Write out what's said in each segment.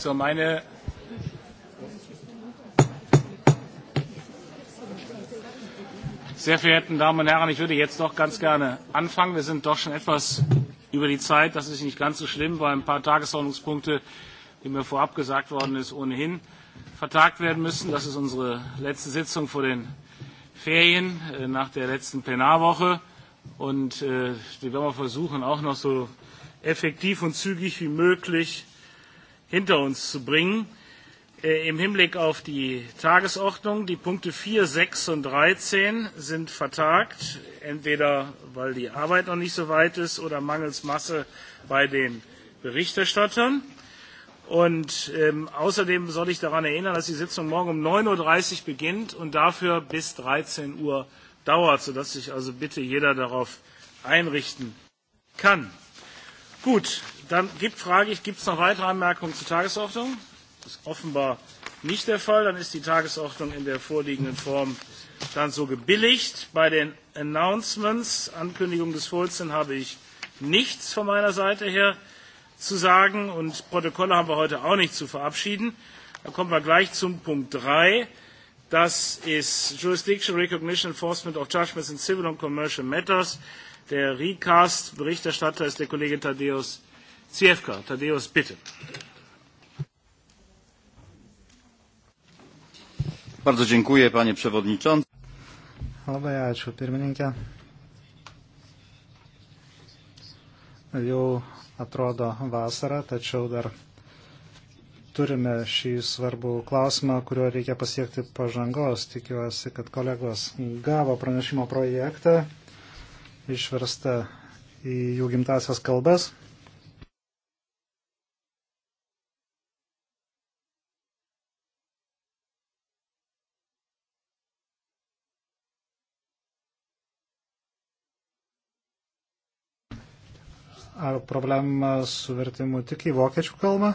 So meine sehr verehrten Damen und Herren, ich würde jetzt doch ganz gerne anfangen. Wir sind doch schon etwas über die Zeit. Das ist nicht ganz so schlimm, weil ein paar Tagesordnungspunkte, die mir vorab gesagt worden ist, ohnehin vertagt werden müssen. Das ist unsere letzte Sitzung vor den Ferien äh, nach der letzten Plenarwoche. Und äh, die werden wir versuchen, auch noch so effektiv und zügig wie möglich hinter uns zu bringen. Äh, Im Hinblick auf die Tagesordnung, die Punkte 4, 6 und 13 sind vertagt, entweder weil die Arbeit noch nicht so weit ist oder mangels Masse bei den Berichterstattern. Und ähm, außerdem soll ich daran erinnern, dass die Sitzung morgen um 9.30 Uhr beginnt und dafür bis 13 Uhr dauert, sodass sich also bitte jeder darauf einrichten kann. Gut, Dann gibt, frage ich, gibt es noch weitere Anmerkungen zur Tagesordnung? Das ist offenbar nicht der Fall. Dann ist die Tagesordnung in der vorliegenden Form dann so gebilligt. Bei den Announcements, Ankündigung des Vorsitzenden, habe ich nichts von meiner Seite her zu sagen und Protokolle haben wir heute auch nicht zu verabschieden. Da kommen wir gleich zum Punkt 3. Das ist Jurisdiction, Recognition, Enforcement of Judgments in Civil and Commercial Matters. Der Recast-Berichterstatter ist der Kollege Tadeusz Zjewka, Tadeusz, bitte. Bardzo dziękuję, panie przewodniczący. Labai ačiū, pirmininkė. Jau atrodo vasara, tačiau dar turime šį svarbų klausimą, kuriuo reikia pasiekti pažangos. Tikiuosi, kad kolegos gavo pranešimo projektą, išversta į jų gimtasias kalbas. ar problema su vertimu tik į vokiečių kalbą?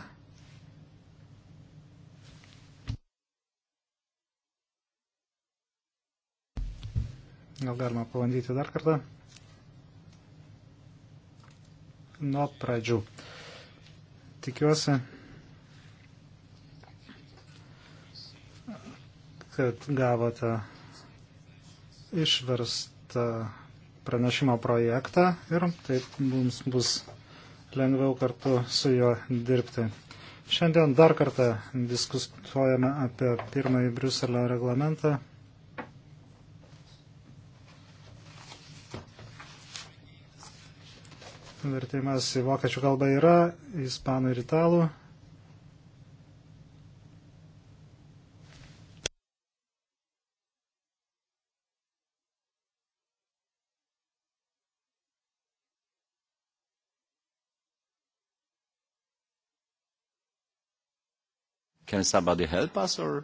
Gal galima pabandyti dar kartą? Nuo pradžių. Tikiuosi, kad gavote išverstą pranešimo projektą ir taip mums bus lengviau kartu su juo dirbti. Šiandien dar kartą diskutuojame apie pirmąjį Briuselio reglamentą. Vertimas į vokiečių kalbą yra, ispanų ir italų. Can somebody help us or?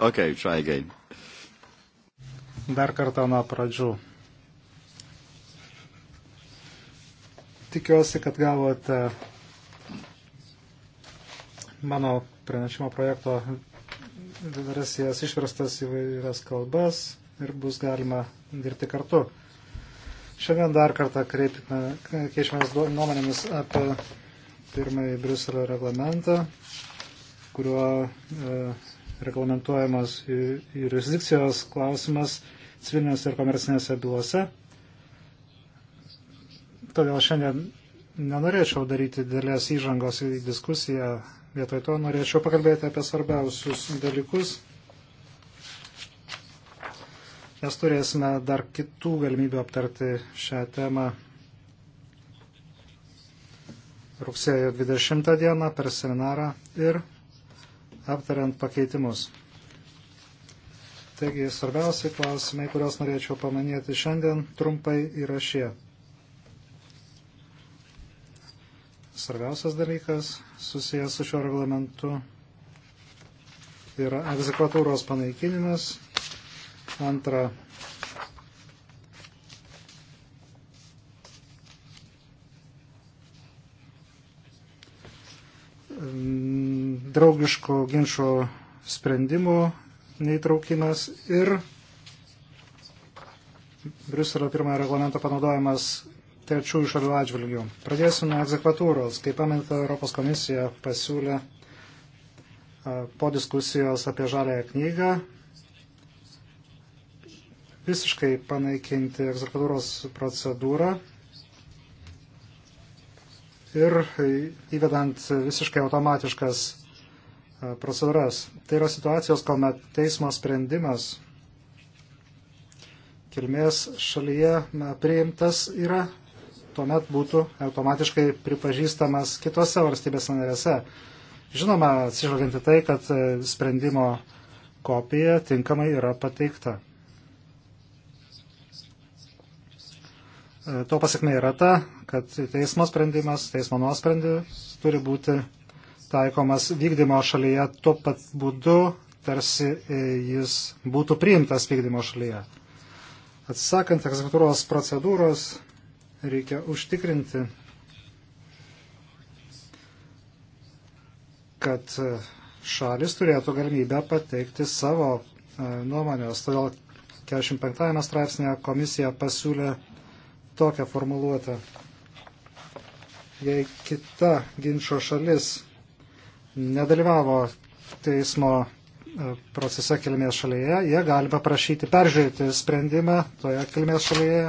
okay, try again. Dar kartą nuo pradžių. Tikiuosi, kad gavote mano pranešimo projekto versijas išverstas įvairias kalbas ir bus galima dirbti kartu. Šiandien dar kartą keičiamės nuomonėmis apie pirmąjį Briuselio reglamentą, kuriuo e, reglamentuojamas jurisdikcijos klausimas civilinėse ir komercinėse bylose. Todėl šiandien nenorėčiau daryti dėlės įžangos į diskusiją, vietoj to norėčiau pakalbėti apie svarbiausius dalykus nes turėsime dar kitų galimybių aptarti šią temą rugsėjo 20 dieną per seminarą ir aptariant pakeitimus. Taigi svarbiausiai klausimai, kuriuos norėčiau pamanyti šiandien, trumpai yra šie. Svarbiausias dalykas susijęs su šiuo reglamentu yra egzekvatūros panaikinimas Antra. Draugiško ginčio sprendimų neįtraukimas ir Briuselio pirmojo reglamento panaudojimas trečiųjų šalių atžvilgių. Pradėsiu nuo egzekvatūros. Kaip pamėta, Europos komisija pasiūlė po diskusijos apie žaląją knygą visiškai panaikinti egzekutūros procedūrą ir įvedant visiškai automatiškas e, procedūras. Tai yra situacijos, kuomet teismo sprendimas kilmės šalyje priimtas yra, tuomet būtų automatiškai pripažįstamas kitose valstybės narėse. Žinoma, atsižvelgiant į tai, kad e, sprendimo kopija tinkamai yra pateikta. E, to pasiekme yra ta, kad teismo sprendimas, teismo nuosprendis turi būti taikomas vykdymo šalyje tuo pat būdu, tarsi e, jis būtų priimtas vykdymo šalyje. Atsisakant egzekutūros procedūros, reikia užtikrinti, kad e, šalis turėtų galimybę pateikti savo nuomonės. Todėl 45 straipsnėje komisija pasiūlė tokią formuluotę. Jei kita ginčio šalis nedalyvavo teismo e, procese kilmės šalyje, jie gali paprašyti peržiūrėti sprendimą toje kilmės šalyje,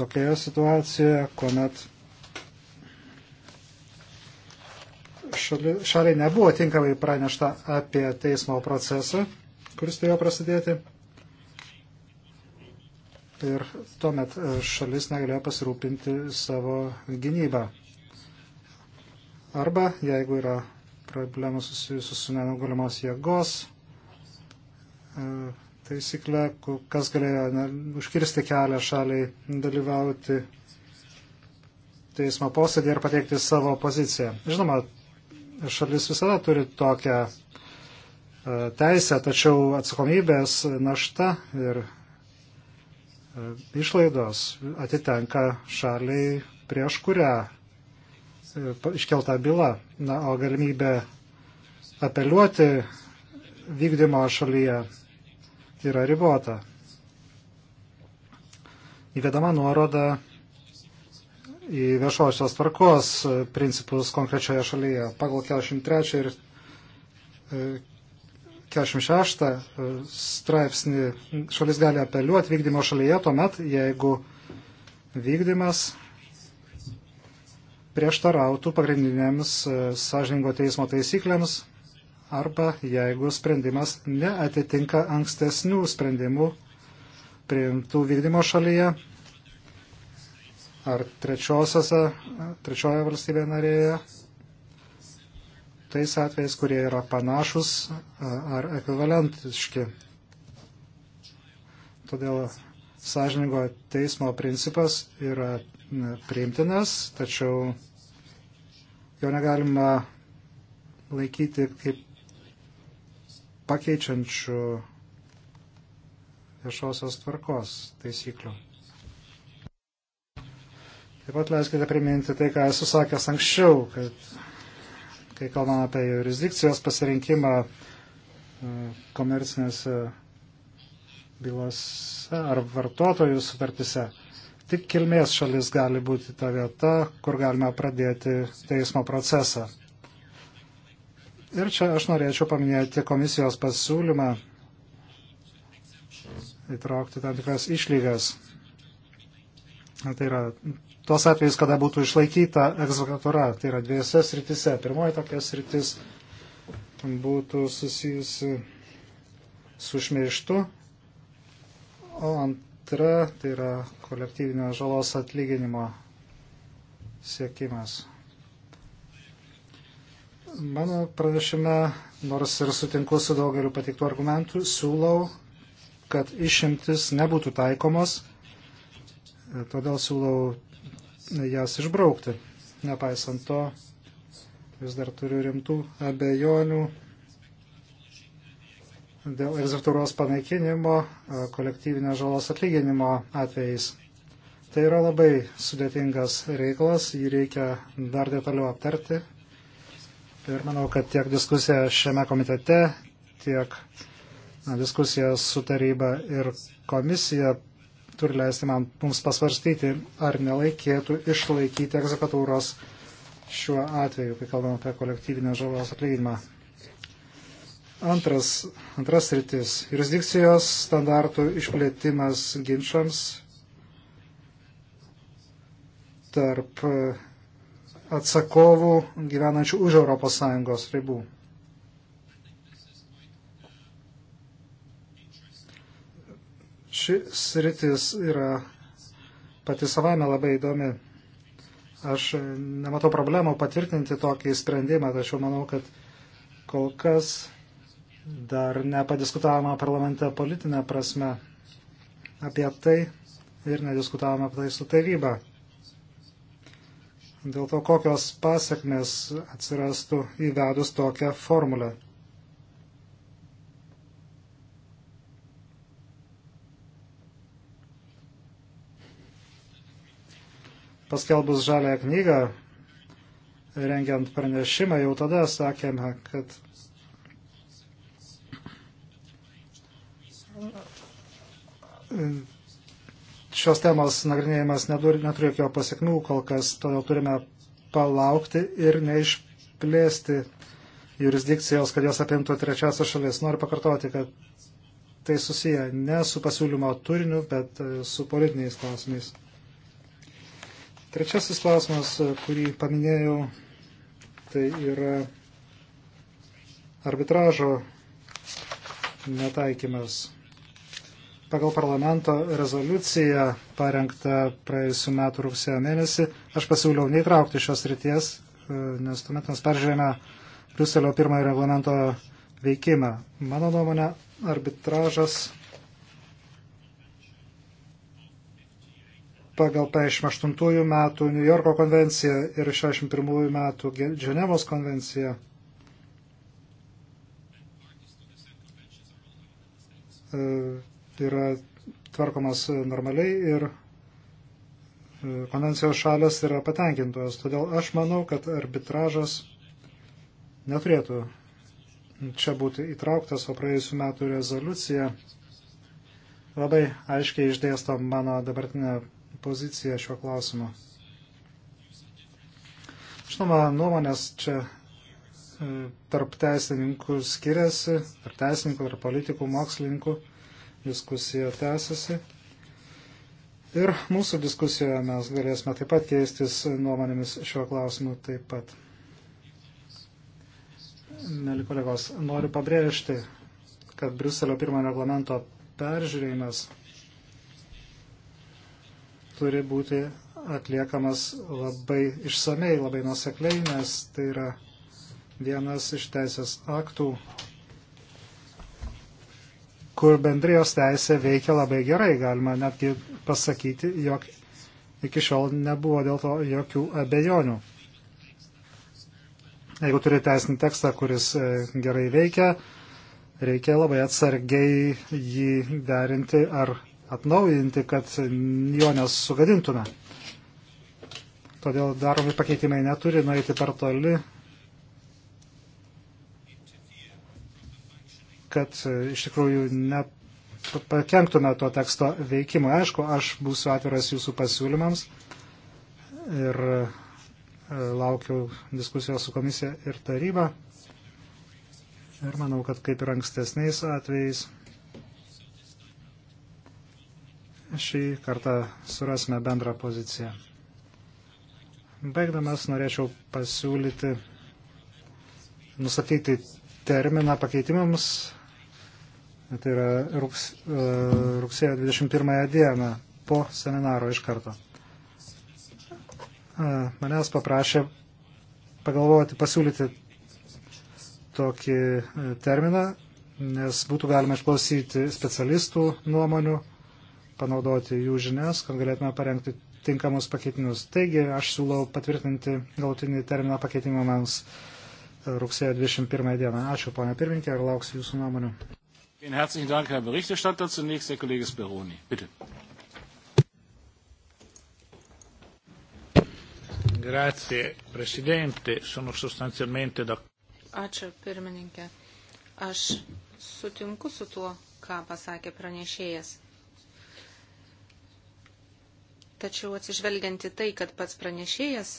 tokioje situacijoje, kuomet šali, šaliai nebuvo tinkamai pranešta apie teismo procesą, kuris turėjo prasidėti ir tuomet e, šalis negalėjo pasirūpinti savo gynybą. Arba jeigu yra problemų susijusių su nenugalimas jėgos e, taisyklė, kas galėjo ne, užkirsti kelią šaliai dalyvauti teismo posėdį ir pateikti savo poziciją. Žinoma, šalis visada turi tokią e, teisę, tačiau atsakomybės našta ir išlaidos atitenka šaliai, prieš kurią e, iškelta byla, na, o galimybė apeliuoti vykdymo šalyje yra ribota. Įvedama nuoroda į viešosios tvarkos principus konkrečioje šalyje pagal 43 ir e, 46 straipsnį šalis gali apeliuoti vykdymo šalyje tuomet, jeigu vykdymas prieštarautų pagrindinėms e, sąžininko teismo taisyklėms arba jeigu sprendimas neatitinka ankstesnių sprendimų priimtų vykdymo šalyje ar trečiosiose, trečioje valstybėje narėje tais atvejais, kurie yra panašus ar ekvivalentiški. Todėl sąžiningo teismo principas yra priimtinas, tačiau jo negalima laikyti kaip pakeičiančių viešosios tvarkos taisyklių. Taip pat leiskite priminti tai, ką esu sakęs anksčiau, kad kai kalbam apie jurisdikcijos pasirinkimą e, komercinėse bylose ar vartotojų sutartise. Tik kilmės šalis gali būti ta vieta, kur galima pradėti teismo procesą. Ir čia aš norėčiau paminėti komisijos pasiūlymą įtraukti tam tikras išlygas Tai yra tuos atvejus, kada būtų išlaikyta egzekvatura. Tai yra dviejose sritise. Pirmoji tokia sritis būtų susijusi su šmeištu, o antra tai yra kolektyvinio žalos atlyginimo siekimas. Mano pranešime, nors ir sutinku su daugeliu patiktų argumentų, siūlau, kad išimtis nebūtų taikomos Todėl siūlau jas išbraukti. Nepaisant to, vis dar turiu rimtų abejonių dėl egzekutūros panaikinimo kolektyvinės žalos atlyginimo atvejais. Tai yra labai sudėtingas reikalas, jį reikia dar detaliau aptarti. Ir manau, kad tiek diskusija šiame komitete, tiek diskusija su taryba ir komisija turi leisti man, mums pasvarstyti, ar nelaikėtų išlaikyti egzekutūros šiuo atveju, kai kalbam apie kolektyvinę žalos atlyginimą. Antras, antras rytis - jurisdikcijos standartų išplėtimas ginčiams tarp atsakovų gyvenančių už ES ribų. ši sritis yra pati savame labai įdomi. Aš nematau problemų patvirtinti tokį sprendimą, tačiau manau, kad kol kas dar nepadiskutavome parlamente politinę prasme apie tai ir nediskutavome apie tai su taryba. Dėl to, kokios pasiekmes atsirastų įvedus tokią formulę. paskelbus žalę knygą, rengiant pranešimą, jau tada sakėme, kad šios temos nagrinėjimas neturi jokio pasiekmių kol kas, todėl turime palaukti ir neišplėsti jurisdikcijos, kad jos apimtų trečiasias šalis. Noriu pakartoti, kad tai susiję ne su pasiūlymo turiniu, bet su politiniais klausimais. Trečiasis klausimas, kurį paminėjau, tai yra arbitražo netaikymas. Pagal parlamento rezoliuciją parengtą praėjusiu metu rugsėjo mėnesį aš pasiūliau neįtraukti šios ryties, nes tuomet mes peržiūrėjome Briuselio pirmojo reglamento veikimą. Mano nuomonė, arbitražas pagal 58 metų New Yorko konvenciją ir 61 metų Ženevos konvenciją. E, yra tvarkomas normaliai ir e, konvencijos šalis yra patenkintos. Todėl aš manau, kad arbitražas neturėtų čia būti įtrauktas, o praėjusiu metu rezoliucija labai aiškiai išdėsto mano dabartinę poziciją šiuo klausimu. Žinoma, nuomonės čia e, tarp teisininkų skiriasi, tarp teisininkų, tarp politikų, mokslininkų diskusija tęsiasi. Ir mūsų diskusijoje mes galėsime taip pat keistis nuomonėmis šiuo klausimu taip pat. Mėly kolegos, noriu pabrėžti, kad Briuselio pirmo reglamento peržiūrėjimas turi būti atliekamas labai išsamei, labai nusekliai, nes tai yra vienas iš teisės aktų, kur bendrijos teisė veikia labai gerai. Galima netgi pasakyti, jog iki šiol nebuvo dėl to jokių abejonių. Jeigu turi teisinį tekstą, kuris e, gerai veikia, reikia labai atsargiai jį derinti ar atnaujinti, kad jo nesugadintume. Todėl daromi pakeitimai neturi nueiti per toli, kad iš tikrųjų nepakenktume to teksto veikimui. Aišku, aš būsiu atviras jūsų pasiūlymams ir e, laukiu diskusijos su komisija ir taryba. Ir manau, kad kaip ir ankstesniais atvejais šį kartą surasime bendrą poziciją. Baigdamas norėčiau pasiūlyti nustatyti terminą pakeitimams, tai yra rugs, e, rugsėjo 21 dieną po seminaro iš karto. E, manęs paprašė pagalvoti, pasiūlyti tokį e, terminą, nes būtų galima išklausyti specialistų nuomonių panaudoti jų žinias, kad galėtume parengti tinkamus pakeitinius. Taigi aš siūlau patvirtinti gautinį terminą pakeitimams e, rugsėjo 21 dieną. Ačiū, ponia pirmininkė, ir lauksiu jūsų nuomonių. Herzlichen Dank, Herr Berichterstatter. Zunächst der Kollege Speroni. Bitte. Grazie, Presidente. Sono sostanzialmente da... Ačiū, pirmininkė. Aš sutinku su tuo, ką pasakė pranešėjas. Tačiau atsižvelgianti tai, kad pats pranešėjas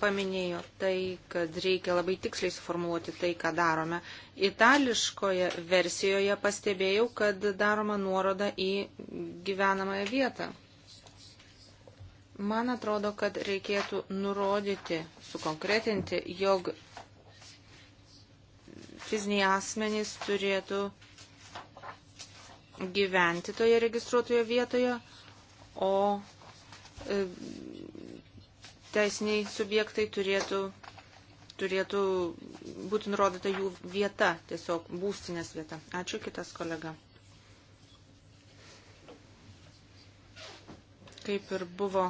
paminėjo tai, kad reikia labai tiksliai suformuoluoti tai, ką darome. Itališkoje versijoje pastebėjau, kad daroma nuoroda į gyvenamąją vietą. Man atrodo, kad reikėtų nurodyti, sukonkretinti, jog fiziniai asmenys turėtų gyventi toje registruotoje vietoje, o e, teisiniai subjektai turėtų, turėtų būti nurodyta jų vieta, tiesiog būstinės vieta. Ačiū kitas kolega. Kaip ir buvo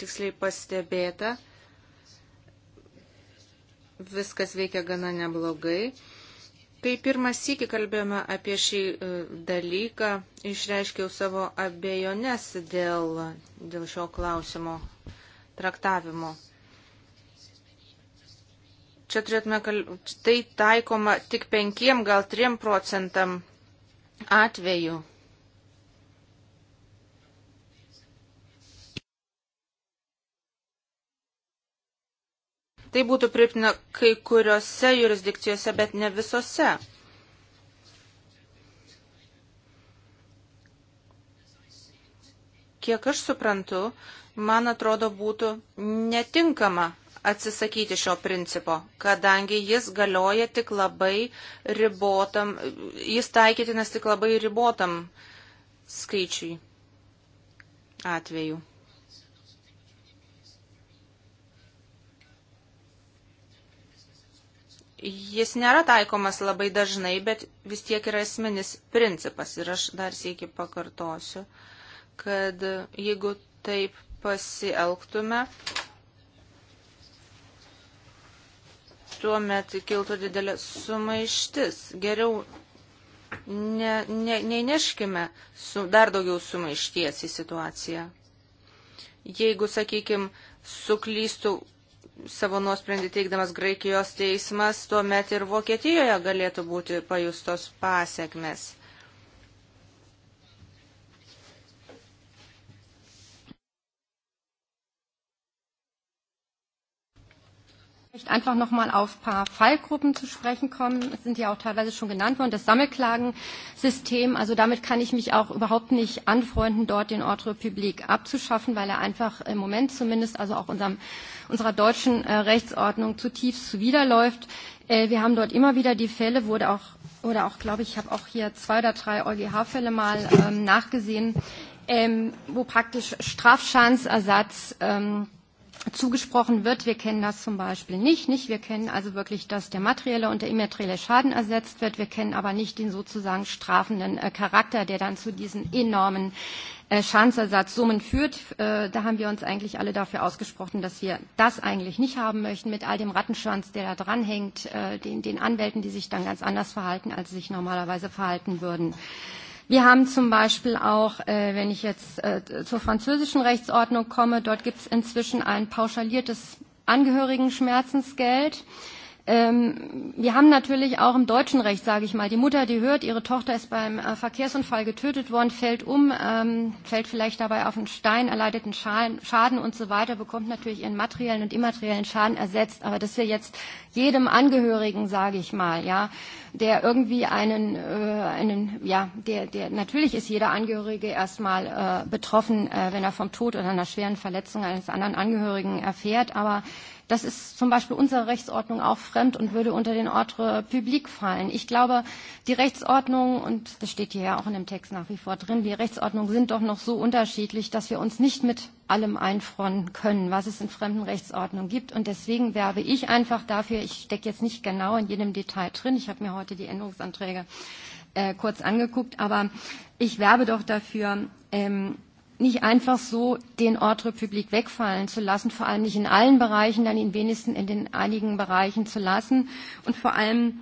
tiksliai pastebėta, viskas veikia gana neblogai. Kai pirmas sykį kalbėjome apie šį e, dalyką, išreiškiau savo abejones dėl, dėl šio klausimo traktavimo. Čia turėtume kalbėti, tai taikoma tik penkiem, gal trim procentam atvejų. Tai būtų priimtina kai kuriuose jurisdikcijose, bet ne visose. Kiek aš suprantu, man atrodo būtų netinkama atsisakyti šio principo, kadangi jis galioja tik labai ribotam, jis taikytinas tik labai ribotam skaičiui atvejų. Jis nėra taikomas labai dažnai, bet vis tiek yra esminis principas. Ir aš dar sėki pakartosiu, kad jeigu taip pasielgtume, tuomet kiltų didelė sumaištis. Geriau ne, ne, neineškime su, dar daugiau sumaišties į situaciją. Jeigu, sakykime, suklystų savo nuosprendį teikdamas Graikijos teismas, tuomet ir Vokietijoje galėtų būti pajustos pasiekmes. Einfach nochmal auf ein paar Fallgruppen zu sprechen kommen. Es sind ja auch teilweise schon genannt worden. Das Sammelklagensystem, also damit kann ich mich auch überhaupt nicht anfreunden, dort den Ordre public abzuschaffen, weil er einfach im Moment zumindest, also auch unserem, unserer deutschen äh, Rechtsordnung zutiefst zuwiderläuft. Äh, wir haben dort immer wieder die Fälle, wurde auch, oder auch, glaube ich, ich habe auch hier zwei oder drei EuGH-Fälle mal ähm, nachgesehen, ähm, wo praktisch Strafschadensersatz ähm, zugesprochen wird. Wir kennen das zum Beispiel nicht. nicht. Wir kennen also wirklich, dass der materielle und der immaterielle Schaden ersetzt wird. Wir kennen aber nicht den sozusagen strafenden äh, Charakter, der dann zu diesen enormen äh, Schadensersatzsummen führt. Äh, da haben wir uns eigentlich alle dafür ausgesprochen, dass wir das eigentlich nicht haben möchten, mit all dem Rattenschwanz, der da dranhängt, äh, den, den Anwälten, die sich dann ganz anders verhalten, als sie sich normalerweise verhalten würden. Äh, Wir haben zum Beispiel auch, äh, wenn ich jetzt äh, zur französischen Rechtsordnung komme, dort gibt es inzwischen ein pauschaliertes Angehörigenschmerzensgeld. Äh, Ähm, wir haben natürlich auch im deutschen Recht, sage ich mal, die Mutter, die hört, ihre Tochter ist beim äh, Verkehrsunfall getötet worden, fällt um, ähm, fällt vielleicht dabei auf einen Stein, erleidet einen Schaden, Schaden und so weiter, bekommt natürlich ihren materiellen und immateriellen Schaden ersetzt. Aber dass wir jetzt jedem Angehörigen, sage ich mal, ja, der irgendwie einen, äh, einen ja, der, der, natürlich ist jeder Angehörige erstmal äh, betroffen, äh, wenn er vom Tod oder einer schweren Verletzung eines anderen Angehörigen erfährt, aber Das ist zum Beispiel unserer Rechtsordnung auch fremd und würde unter den Ordre publik fallen. Ich glaube, die Rechtsordnung, und das steht hier ja auch in dem Text nach wie vor drin, die Rechtsordnungen sind doch noch so unterschiedlich, dass wir uns nicht mit allem einfronnen können, was es in fremden Rechtsordnungen gibt. Und deswegen werbe ich einfach dafür, ich stecke jetzt nicht genau in jedem Detail drin, ich habe mir heute die Änderungsanträge äh, kurz angeguckt, aber ich werbe doch dafür, ähm, nicht einfach so den Ort Republik wegfallen zu lassen, vor allem nicht in allen Bereichen, dann ihn wenigstens in den einigen Bereichen zu lassen und vor allem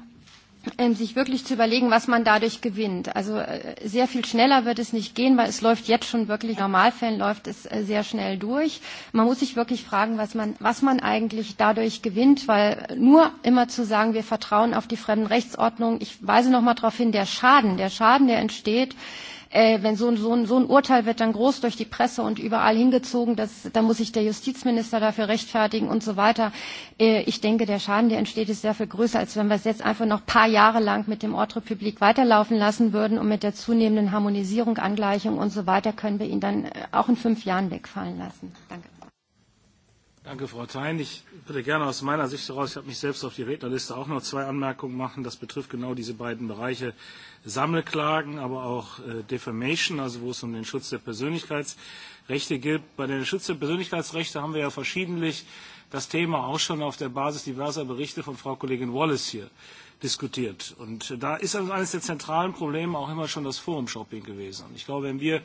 ähm, sich wirklich zu überlegen, was man dadurch gewinnt. Also äh, sehr viel schneller wird es nicht gehen, weil es läuft jetzt schon wirklich, in Normalfällen läuft es äh, sehr schnell durch. Man muss sich wirklich fragen, was man, was man eigentlich dadurch gewinnt, weil nur immer zu sagen, wir vertrauen auf die Fremdenrechtsordnung, ich weise nochmal darauf hin, der Schaden, der Schaden, der entsteht, äh, äh, wenn so ein, so, ein, so ein Urteil wird dann groß durch die Presse und überall hingezogen, das, da muss sich der Justizminister dafür rechtfertigen und so weiter. Äh, ich denke, der Schaden, der entsteht, ist sehr viel größer, als wenn wir es jetzt einfach noch ein paar Jahre lang mit dem Ordre Public weiterlaufen lassen würden und mit der zunehmenden Harmonisierung, Angleichung und so weiter können wir ihn dann äh, auch in fünf Jahren wegfallen lassen. Danke. Danke, Frau Thein. Ich würde gerne aus meiner Sicht heraus, ich habe mich selbst auf die Rednerliste auch noch zwei Anmerkungen machen. Das betrifft genau diese beiden Bereiche Sammelklagen, aber auch äh, Defamation, also wo es um den Schutz der Persönlichkeitsrechte geht. Bei den Schutz der Persönlichkeitsrechte haben wir ja verschiedentlich das Thema auch schon auf der Basis diverser Berichte von Frau Kollegin Wallace hier diskutiert. Und äh, da ist also eines der zentralen Probleme auch immer schon das Forum-Shopping gewesen. Und ich glaube, wenn wir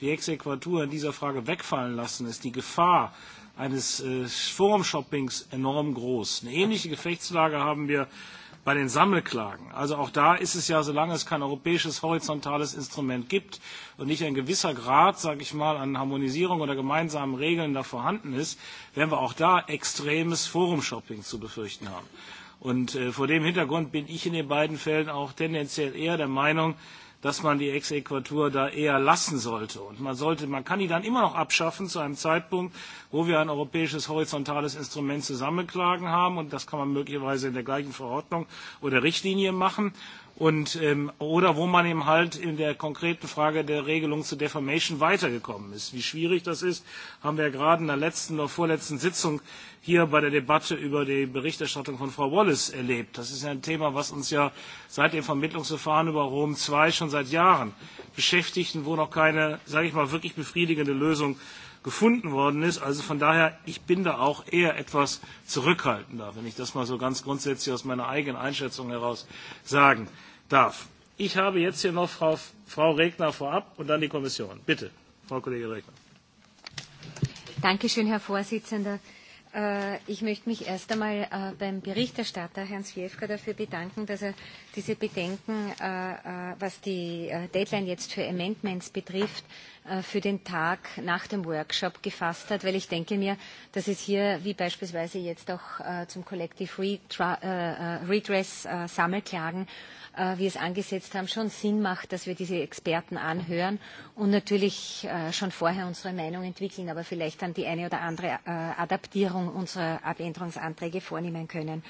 die Exequatur in dieser Frage wegfallen lassen, ist die Gefahr, eines äh, Forum-Shoppings enorm groß. Eine ähnliche Gefechtslage haben wir bei den Sammelklagen. Also auch da ist es ja, solange es kein europäisches horizontales Instrument gibt und nicht ein gewisser Grad, sage ich mal, an Harmonisierung oder gemeinsamen Regeln da vorhanden ist, werden wir auch da extremes Forum-Shopping zu befürchten haben. Und äh, vor dem Hintergrund bin ich in den beiden Fällen auch tendenziell eher der Meinung, dass man die Exäquatur da eher lassen sollte. Und man, sollte, man kann die dann immer noch abschaffen zu einem Zeitpunkt, wo wir ein europäisches horizontales Instrument zusammenklagen haben. Und das kann man möglicherweise in der gleichen Verordnung oder Richtlinie machen und, ähm, oder wo man eben halt in der konkreten Frage der Regelung zu Defamation weitergekommen ist. Wie schwierig das ist, haben wir ja gerade in der letzten oder vorletzten Sitzung hier bei der Debatte über die Berichterstattung von Frau Wallace erlebt. Das ist ja ein Thema, was uns ja seit dem Vermittlungsverfahren über Rom II schon seit Jahren beschäftigt und wo noch keine, sage ich mal, wirklich befriedigende Lösung gefunden worden ist. Also von daher, ich bin da auch eher etwas zurückhaltender, wenn ich das mal so ganz grundsätzlich aus meiner eigenen Einschätzung heraus sagen darf. Ich habe jetzt hier noch Frau, Frau Regner vorab und dann die Kommission. Bitte, Frau Kollegin Regner. Dankeschön, Herr Vorsitzender. Äh, ich möchte mich erst einmal äh, beim Berichterstatter Herrn Swiefka dafür bedanken, dass er diese Bedenken, äh, was die Deadline jetzt für Amendments betrifft, Äh, für den Tag nach dem Workshop gefasst hat, weil ich denke mir, dass es hier, wie beispielsweise jetzt auch äh, zum Collective äh, Redress Sammelklagen, wie es angesetzt haben, schon Sinn macht, dass wir diese Experten anhören und natürlich schon vorher unsere Meinung entwickeln, aber vielleicht dann die eine oder andere Adaptierung unserer Abänderungsanträge vornehmen können.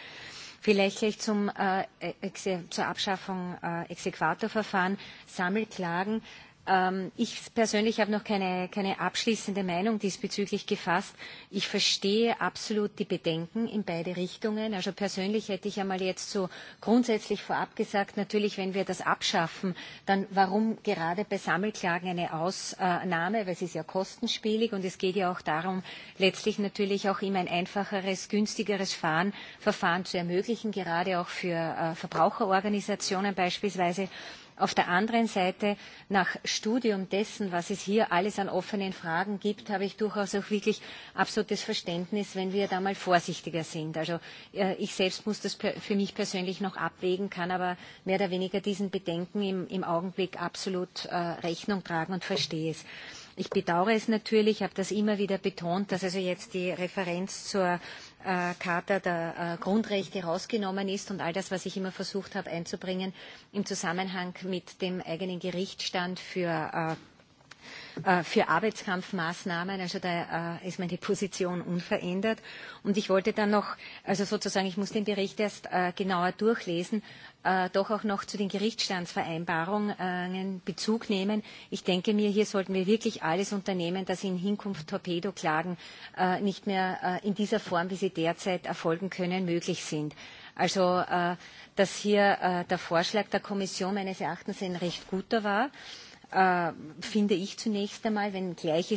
Vielleicht gleich zum, äh, zur Abschaffung äh, Exequatorverfahren, Sammelklagen. Ähm, ich persönlich habe noch keine, keine abschließende Meinung diesbezüglich gefasst. Ich verstehe absolut die Bedenken in beide Richtungen. Also persönlich hätte ich einmal jetzt so grundsätzlich vorab gesagt, natürlich, wenn wir das abschaffen, dann warum gerade bei Sammelklagen eine Ausnahme, weil es ist ja kostenspielig und es geht ja auch darum, letztlich natürlich auch immer ein einfacheres, günstigeres Fahren, Verfahren zu ermöglichen, gerade auch für äh, Verbraucherorganisationen beispielsweise. Äh, Auf der anderen Seite, nach Studium dessen, was es hier alles an offenen Fragen gibt, habe ich durchaus auch wirklich absolutes Verständnis, wenn wir da mal vorsichtiger sind. Also äh, ich selbst muss das für mich persönlich noch abwägen, kann aber mehr oder weniger diesen Bedenken im, im Augenblick absolut äh, Rechnung tragen und verstehe es. Okay. Ich bedauere es natürlich, habe das immer wieder betont, dass also jetzt die Referenz zur äh, Charta der äh, Grundrechte rausgenommen ist und all das, was ich immer versucht habe einzubringen, im Zusammenhang mit dem eigenen Gerichtsstand für äh, Äh, für Arbeitskampfmaßnahmen. Also da äh, ist meine Position unverändert. Und ich wollte dann noch, also sozusagen, ich muss den Bericht erst äh, genauer durchlesen, doch auch noch zu den Gerichtsstandsvereinbarungen Bezug nehmen. Ich denke mir, hier sollten wir wirklich alles unternehmen, dass in Hinkunft Torpedoklagen nicht mehr in dieser Form, wie sie derzeit erfolgen können, möglich sind. Also, äh, dass hier äh, der Vorschlag der Kommission meines Erachtens ein recht guter war äh, finde ich zunächst einmal, wenngleich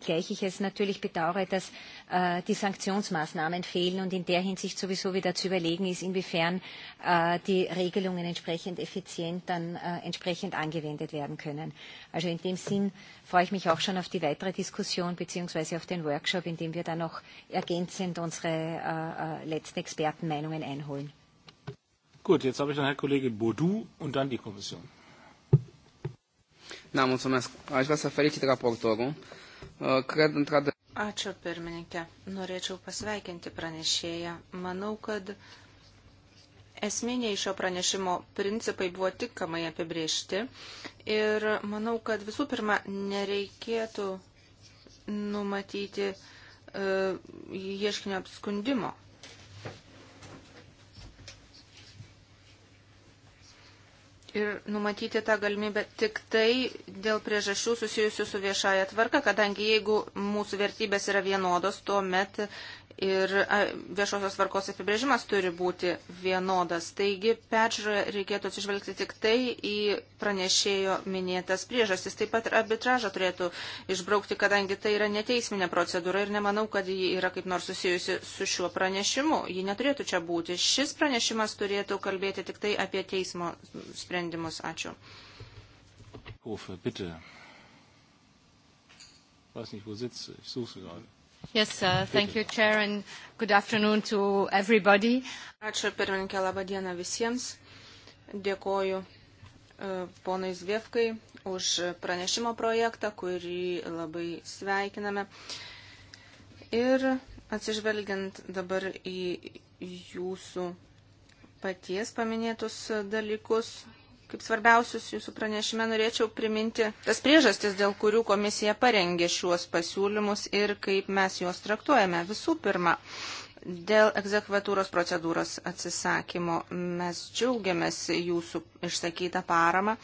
gleich ich es natürlich bedauere, dass äh, die Sanktionsmaßnahmen fehlen und in der Hinsicht sowieso wieder zu überlegen ist, inwiefern äh, die Regelungen entsprechend effizient dann äh, entsprechend angewendet werden können. Also in dem Sinn freue ich mich auch schon auf die weitere Diskussion bzw. auf den Workshop, in dem wir dann noch ergänzend unsere äh, äh letzten Expertenmeinungen einholen. Gut, jetzt habe ich dann Herr Kollege Baudou und dann die Kommission. Da, mulțumesc. Aș vrea să felicit raportorul. Uh, cred într-adevăr. Ačiū pirmininkė. Norėčiau pasveikinti pranešėją. Manau, kad esminiai šio pranešimo principai buvo tinkamai apibriežti ir manau, kad visų pirma nereikėtų numatyti uh, ieškinio apskundimo. Ir numatyti tą galimybę tik tai dėl priežasčių susijusių su viešaja tvarka, kadangi jeigu mūsų vertybės yra vienodos, tuomet ir viešosios tvarkos apibrėžimas turi būti vienodas. Taigi peržiūrą reikėtų atsižvelgti tik tai į pranešėjo minėtas priežastis. Taip pat arbitražą turėtų išbraukti, kadangi tai yra neteisminė procedūra ir nemanau, kad ji yra kaip nors susijusi su šiuo pranešimu. Ji neturėtų čia būti. Šis pranešimas turėtų kalbėti tik tai apie teismo sprendimus. Ačiū. Hofe, bitte. Ich weiß nicht, wo sitzt. Ich suche gerade. Yes, uh, thank you, Chair, and good afternoon to everybody. Ačiū pirmininkė, laba diena visiems. Dėkoju e, ponui Zviefkai už pranešimo projektą, kurį labai sveikiname. Ir atsižvelgiant dabar į jūsų paties paminėtus dalykus, Kaip svarbiausius jūsų pranešime norėčiau priminti tas priežastis, dėl kurių komisija parengė šiuos pasiūlymus ir kaip mes juos traktuojame. Visų pirma, dėl egzekvatūros procedūros atsisakymo mes džiaugiamės jūsų išsakytą paramą.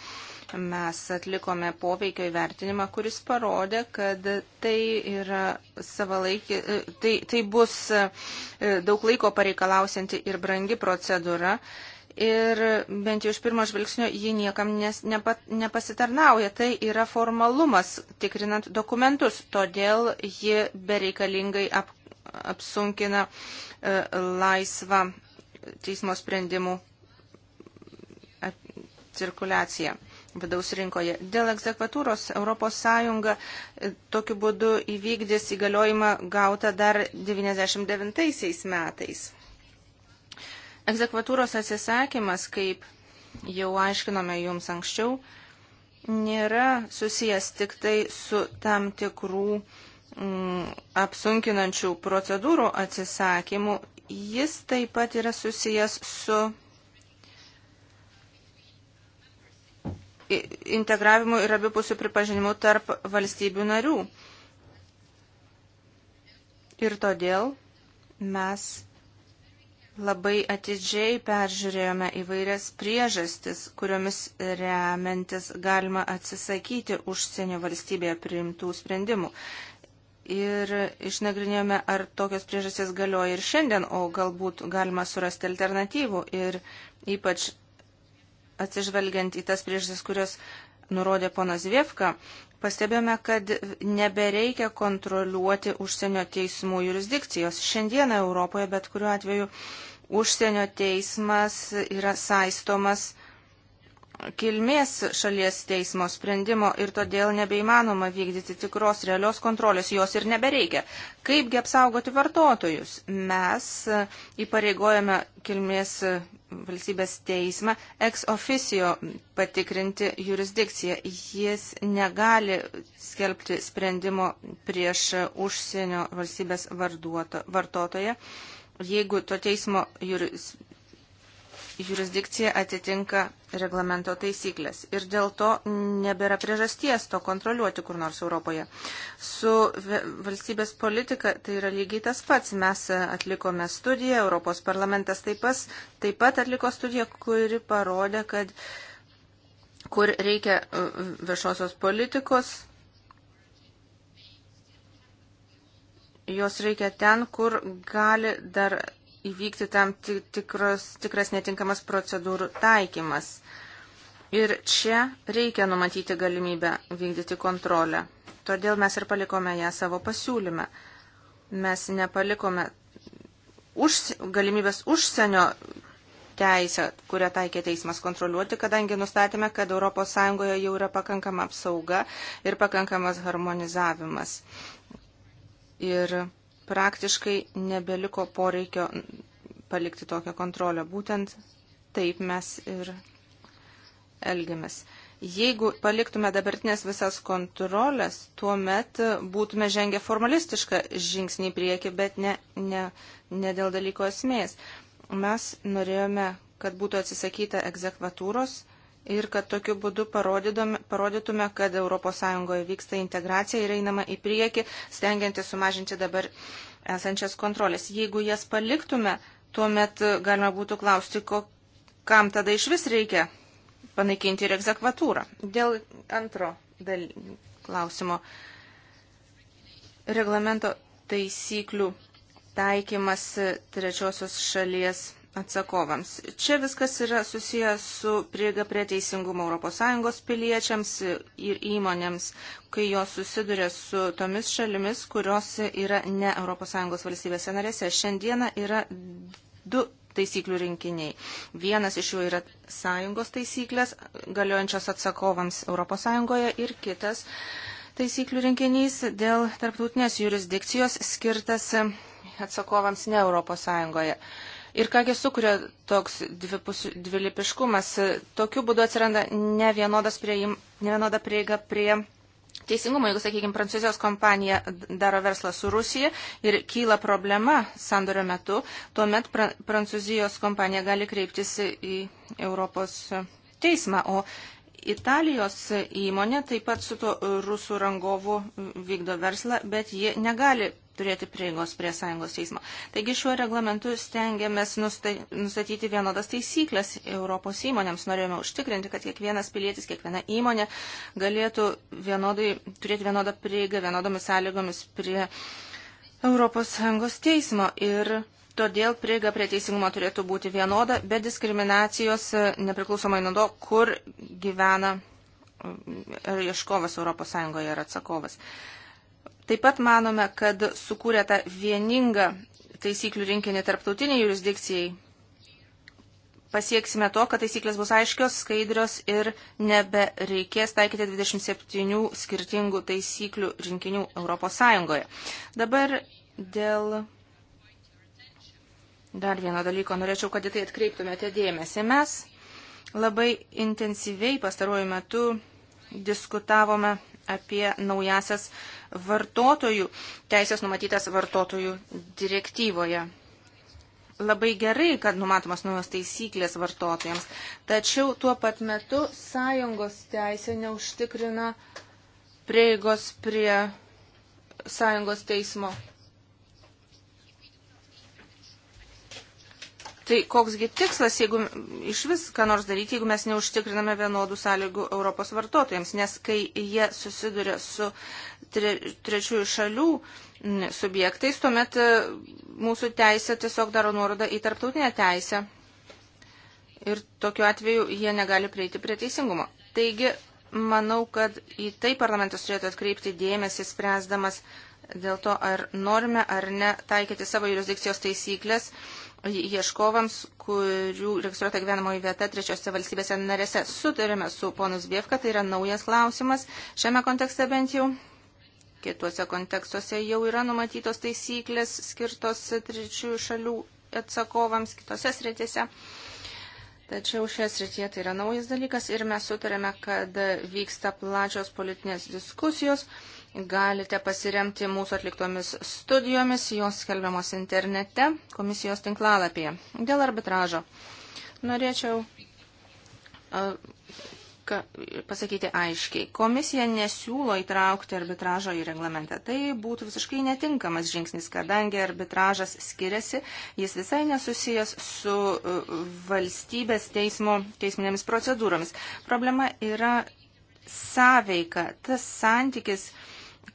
Mes atlikome poveikio įvertinimą, kuris parodė, kad tai, yra savalaikį, tai, tai bus daug laiko pareikalausianti ir brangi procedūra ir bent jau iš pirmo žvilgsnio ji niekam nes, nepa, nepasitarnauja. Tai yra formalumas tikrinant dokumentus, todėl ji bereikalingai ap, apsunkina e, laisvą teismo sprendimų e, cirkuliaciją vidaus rinkoje. Dėl egzekvatūros ES e, tokiu būdu įvykdys įgaliojimą gautą dar 99 metais. Egzekvatūros atsisakymas, kaip jau aiškinome jums anksčiau, nėra susijęs tik tai su tam tikrų mm, apsunkinančių procedūrų atsisakymu. Jis taip pat yra susijęs su integravimu ir abipusių pripažinimu tarp valstybių narių. Ir todėl mes Labai atidžiai peržiūrėjome įvairias priežastis, kuriomis remiantis galima atsisakyti užsienio valstybėje priimtų sprendimų. Ir išnagrinėjome, ar tokios priežastys galioja ir šiandien, o galbūt galima surasti alternatyvų. Ir ypač atsižvelgiant į tas priežastis, kurios nurodė ponas Vievka, Pastebėjome, kad nebereikia kontroliuoti užsienio teismų jurisdikcijos. Šiandieną Europoje bet kuriuo atveju užsienio teismas yra saistomas kilmės šalies teismo sprendimo ir todėl nebeįmanoma vykdyti tikros realios kontrolės, jos ir nebereikia. Kaipgi apsaugoti vartotojus? Mes įpareigojame kilmės valstybės teismą ex officio patikrinti jurisdikciją. Jis negali skelbti sprendimo prieš užsienio valstybės vartotoją jeigu to teismo juris, jurisdikcija atitinka reglamento taisyklės. Ir dėl to nebėra priežasties to kontroliuoti kur nors Europoje. Su valstybės politika tai yra lygiai tas pats. Mes atlikome studiją, Europos parlamentas taip, pas, taip pat atliko studiją, kuri parodė, kad kur reikia uh, viešosios politikos Jos reikia ten, kur gali dar įvykti tam tikros, tikras netinkamas procedūrų taikymas. Ir čia reikia numatyti galimybę vykdyti kontrolę. Todėl mes ir palikome ją savo pasiūlyme. Mes nepalikome už, galimybės užsienio teisę, kurią taikė teismas kontroliuoti, kadangi nustatėme, kad ES jau yra pakankama apsauga ir pakankamas harmonizavimas ir praktiškai nebeliko poreikio palikti tokią kontrolę. Būtent taip mes ir elgiamės. Jeigu paliktume dabartinės visas kontrolės, tuomet būtume žengę formalistišką žingsnį į priekį, bet ne, ne, ne dėl dalyko esmės. Mes norėjome, kad būtų atsisakyta egzekvatūros ir kad tokiu būdu parodytume, kad ES vyksta integracija ir einama į priekį, stengiantis sumažinti dabar esančias kontrolės. Jeigu jas paliktume, tuomet galima būtų klausti, ko, kam tada iš vis reikia panaikinti ir egzekvatūrą. Dėl antro dal... klausimo reglamento taisyklių taikymas trečiosios šalies atsakovams. Čia viskas yra susijęs su prieiga prie teisingumo ES piliečiams ir įmonėms, kai jos susiduria su tomis šalimis, kurios yra ne ES valstybėse narėse. Šiandieną yra du taisyklių rinkiniai. Vienas iš jų yra sąjungos taisyklės, galiojančios atsakovams ES ir kitas taisyklių rinkinys dėl tarptautinės jurisdikcijos skirtas atsakovams ne ES. Ir kągi sukuria toks dvipusių, dvilipiškumas. Tokiu būdu atsiranda ne, prieim, ne vienoda prieiga prie teisingumo, jeigu, sakykime, prancūzijos kompanija daro verslą su Rusija ir kyla problema sandorio metu, tuomet pra, prancūzijos kompanija gali kreiptis į Europos teismą, o Italijos įmonė taip pat su tuo rusų rangovu vykdo verslą, bet ji negali turėti prieigos prie Sąjungos teismo. Taigi šiuo reglamentu stengiamės nustatyti vienodas taisyklės Europos įmonėms. Norėjome užtikrinti, kad kiekvienas pilietis, kiekviena įmonė galėtų vienodai, turėti vienodą prieigą vienodomis sąlygomis prie Europos Sąjungos teismo. Ir Todėl prieiga prie teisingumo turėtų būti vienoda, be diskriminacijos, nepriklausomai nuo to, kur gyvena ar ieškovas ES ar atsakovas. Taip pat manome, kad sukūrė tą vieningą taisyklių rinkinį tarptautiniai jurisdikcijai. Pasieksime to, kad taisyklės bus aiškios, skaidrios ir nebereikės taikyti 27 skirtingų taisyklių rinkinių Europos Sąjungoje. Dabar dėl dar vieno dalyko norėčiau, kad į tai atkreiptumėte dėmesį. Mes labai intensyviai pastaruoju metu diskutavome apie naujasias vartotojų teisės numatytas vartotojų direktyvoje. Labai gerai, kad numatomas naujos taisyklės vartotojams, tačiau tuo pat metu sąjungos teisė neužtikrina prieigos prie sąjungos teismo Tai koksgi tikslas, jeigu iš vis ką nors daryti, jeigu mes neužtikriname vienodų sąlygų Europos vartotojams, nes kai jie susiduria su tre, trečiųjų šalių subjektais, tuomet e, mūsų teisė tiesiog daro nuorodą į tarptautinę teisę. Ir tokiu atveju jie negali prieiti prie teisingumo. Taigi, manau, kad į tai parlamentas turėtų atkreipti dėmesį, spręsdamas dėl to, ar norime ar ne taikyti savo jurisdikcijos taisyklės ieškovams, kurių registruota gyvenamoji vieta trečiose valstybėse narėse. Sutarėme su ponus Bievka, tai yra naujas klausimas. Šiame kontekste bent jau. Kituose kontekstuose jau yra numatytos taisyklės skirtos trečiųjų šalių atsakovams kitose sritise. Tačiau šioje srityje tai yra naujas dalykas ir mes sutarėme, kad vyksta plačios politinės diskusijos. Galite pasiremti mūsų atliktomis studijomis, jos skelbiamos internete, komisijos tinklalapyje. Dėl arbitražo. Norėčiau pasakyti aiškiai. Komisija nesiūlo įtraukti arbitražo į reglamentą. Tai būtų visiškai netinkamas žingsnis, kadangi arbitražas skiriasi, jis visai nesusijęs su e, valstybės teismo, teisminėmis procedūromis. Problema yra sąveika, tas santykis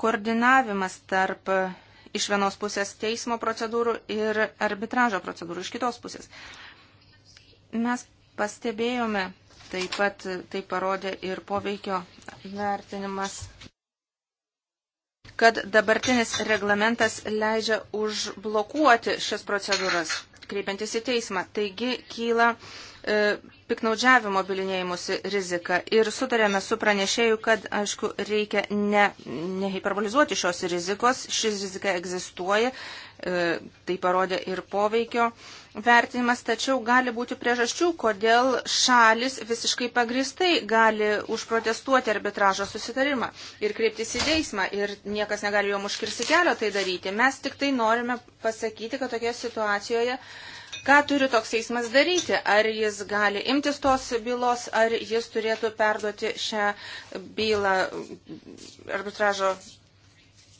koordinavimas tarp e, iš vienos pusės teismo procedūrų ir arbitražo procedūrų iš kitos pusės. Mes pastebėjome, taip pat tai parodė ir poveikio vertinimas, kad dabartinis reglamentas leidžia užblokuoti šias procedūras, kreipiantis į teismą. Taigi kyla e, piknaudžiavimo bilinėjimusi riziką ir sutarėme su pranešėju, kad, aišku, reikia ne, nehiperbolizuoti šios rizikos. Šis rizika egzistuoja, e, tai parodė ir poveikio vertinimas, tačiau gali būti priežasčių, kodėl šalis visiškai pagristai gali užprotestuoti arbitražo susitarimą ir kreiptis į teismą ir niekas negali jom užkirsti kelio tai daryti. Mes tik tai norime pasakyti, kad tokioje situacijoje Ką turi toks teismas daryti? Ar jis gali imtis tos bylos, ar jis turėtų perduoti šią bylą arbitražo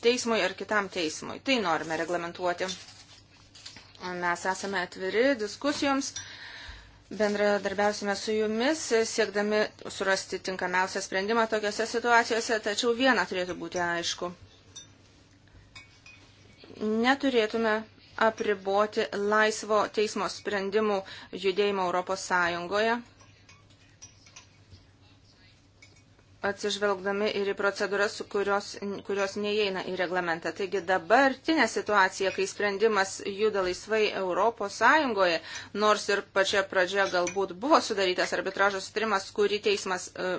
teismui ar kitam teismui? Tai norime reglamentuoti. Mes esame atviri diskusijoms. Bendradarbiausime su jumis, siekdami surasti tinkamiausią sprendimą tokiuose situacijose, tačiau viena turėtų būti aišku. Neturėtume apriboti laisvo teismo sprendimų judėjimą Europos Sąjungoje, atsižvelgdami ir į procedūras, kurios, kurios neįeina į reglamentą. Taigi dabartinė situacija, kai sprendimas juda laisvai Europos Sąjungoje, nors ir pačia pradžia galbūt buvo sudarytas arbitražo sutrimas, kurį teismas e,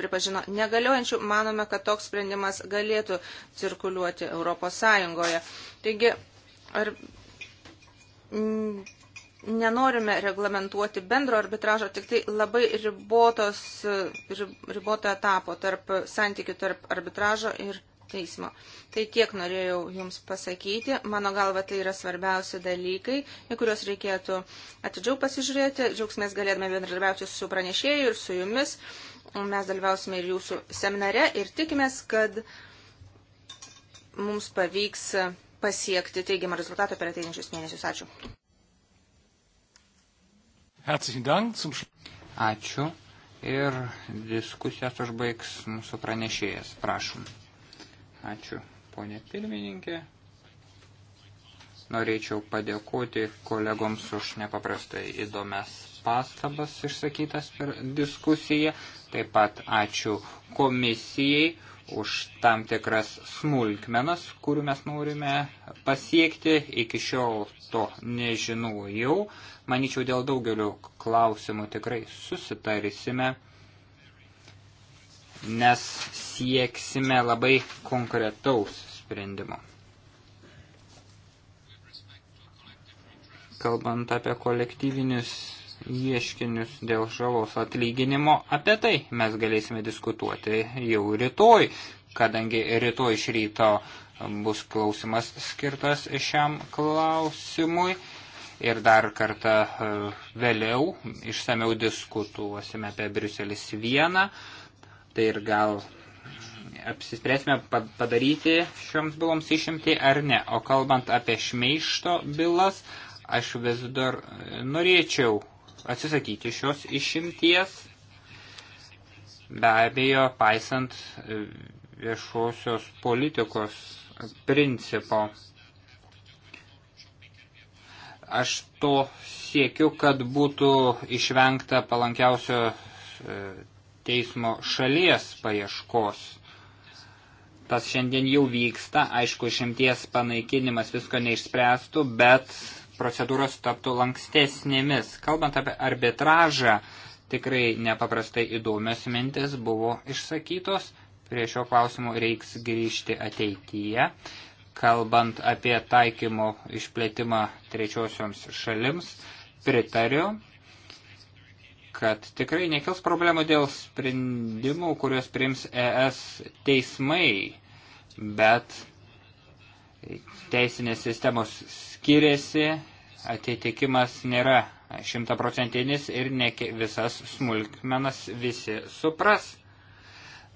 pripažino negaliojančių, manome, kad toks sprendimas galėtų cirkuliuoti Europos Sąjungoje. Taigi, ar Mm, nenorime reglamentuoti bendro arbitražo, tik tai labai ribotos, riboto etapo tarp santykių tarp arbitražo ir teismo. Tai tiek norėjau Jums pasakyti. Mano galva tai yra svarbiausi dalykai, į kuriuos reikėtų atidžiau pasižiūrėti. Džiaugsmės galėdame bendradarbiauti su pranešėju ir su Jumis. Mes dalyvausime ir Jūsų seminare ir tikimės, kad mums pavyks pasiekti teigiamą rezultatą per ateinančius mėnesius. Ačiū. Ačiū. Ir diskusijas užbaigs mūsų pranešėjas. Prašom. Ačiū, ponė pirmininkė. Norėčiau padėkoti kolegoms už nepaprastai įdomias pastabas išsakytas per diskusiją. Taip pat ačiū komisijai už tam tikras smulkmenas, kurių mes norime pasiekti. Iki šiol to nežinojau. Manyčiau, dėl daugelio klausimų tikrai susitarysime, nes sieksime labai konkretaus sprendimo. Kalbant apie kolektyvinius ieškinius dėl žalos atlyginimo, apie tai mes galėsime diskutuoti jau rytoj, kadangi rytoj iš ryto bus klausimas skirtas šiam klausimui. Ir dar kartą e, vėliau išsameu diskutuosime apie Briuselis vieną. Tai ir gal apsispręsime padaryti šioms byloms išimti ar ne. O kalbant apie šmeišto bylas, aš vis dar norėčiau atsisakyti šios išimties, be abejo, paisant e, viešosios politikos principo. Aš to siekiu, kad būtų išvengta palankiausio e, teismo šalies paieškos. Tas šiandien jau vyksta, aišku, išimties panaikinimas visko neišspręstų, bet procedūros taptų lankstesnėmis. Kalbant apie arbitražą, tikrai nepaprastai įdomios mintis buvo išsakytos. Prie šio klausimo reiks grįžti ateityje. Kalbant apie taikymo išplėtimą trečiosioms šalims, pritariu, kad tikrai nekils problemų dėl sprendimų, kuriuos priims ES teismai, bet teisinės sistemos skiriasi, atitikimas nėra šimtaprocentinis ir ne visas smulkmenas visi supras.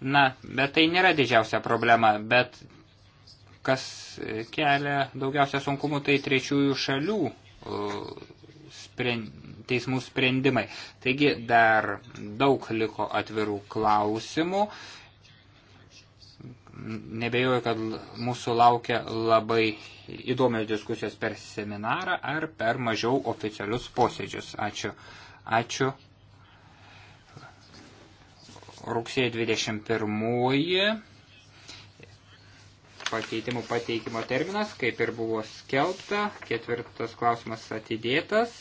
Na, bet tai nėra didžiausia problema, bet kas kelia daugiausia sunkumų, tai trečiųjų šalių spren, teismų sprendimai. Taigi dar daug liko atvirų klausimų nebejoju, kad mūsų laukia labai įdomios diskusijos per seminarą ar per mažiau oficialius posėdžius. Ačiū. Ačiū. Rugsėjo 21 pakeitimų pateikimo terminas, kaip ir buvo skelbta, ketvirtas klausimas atidėtas,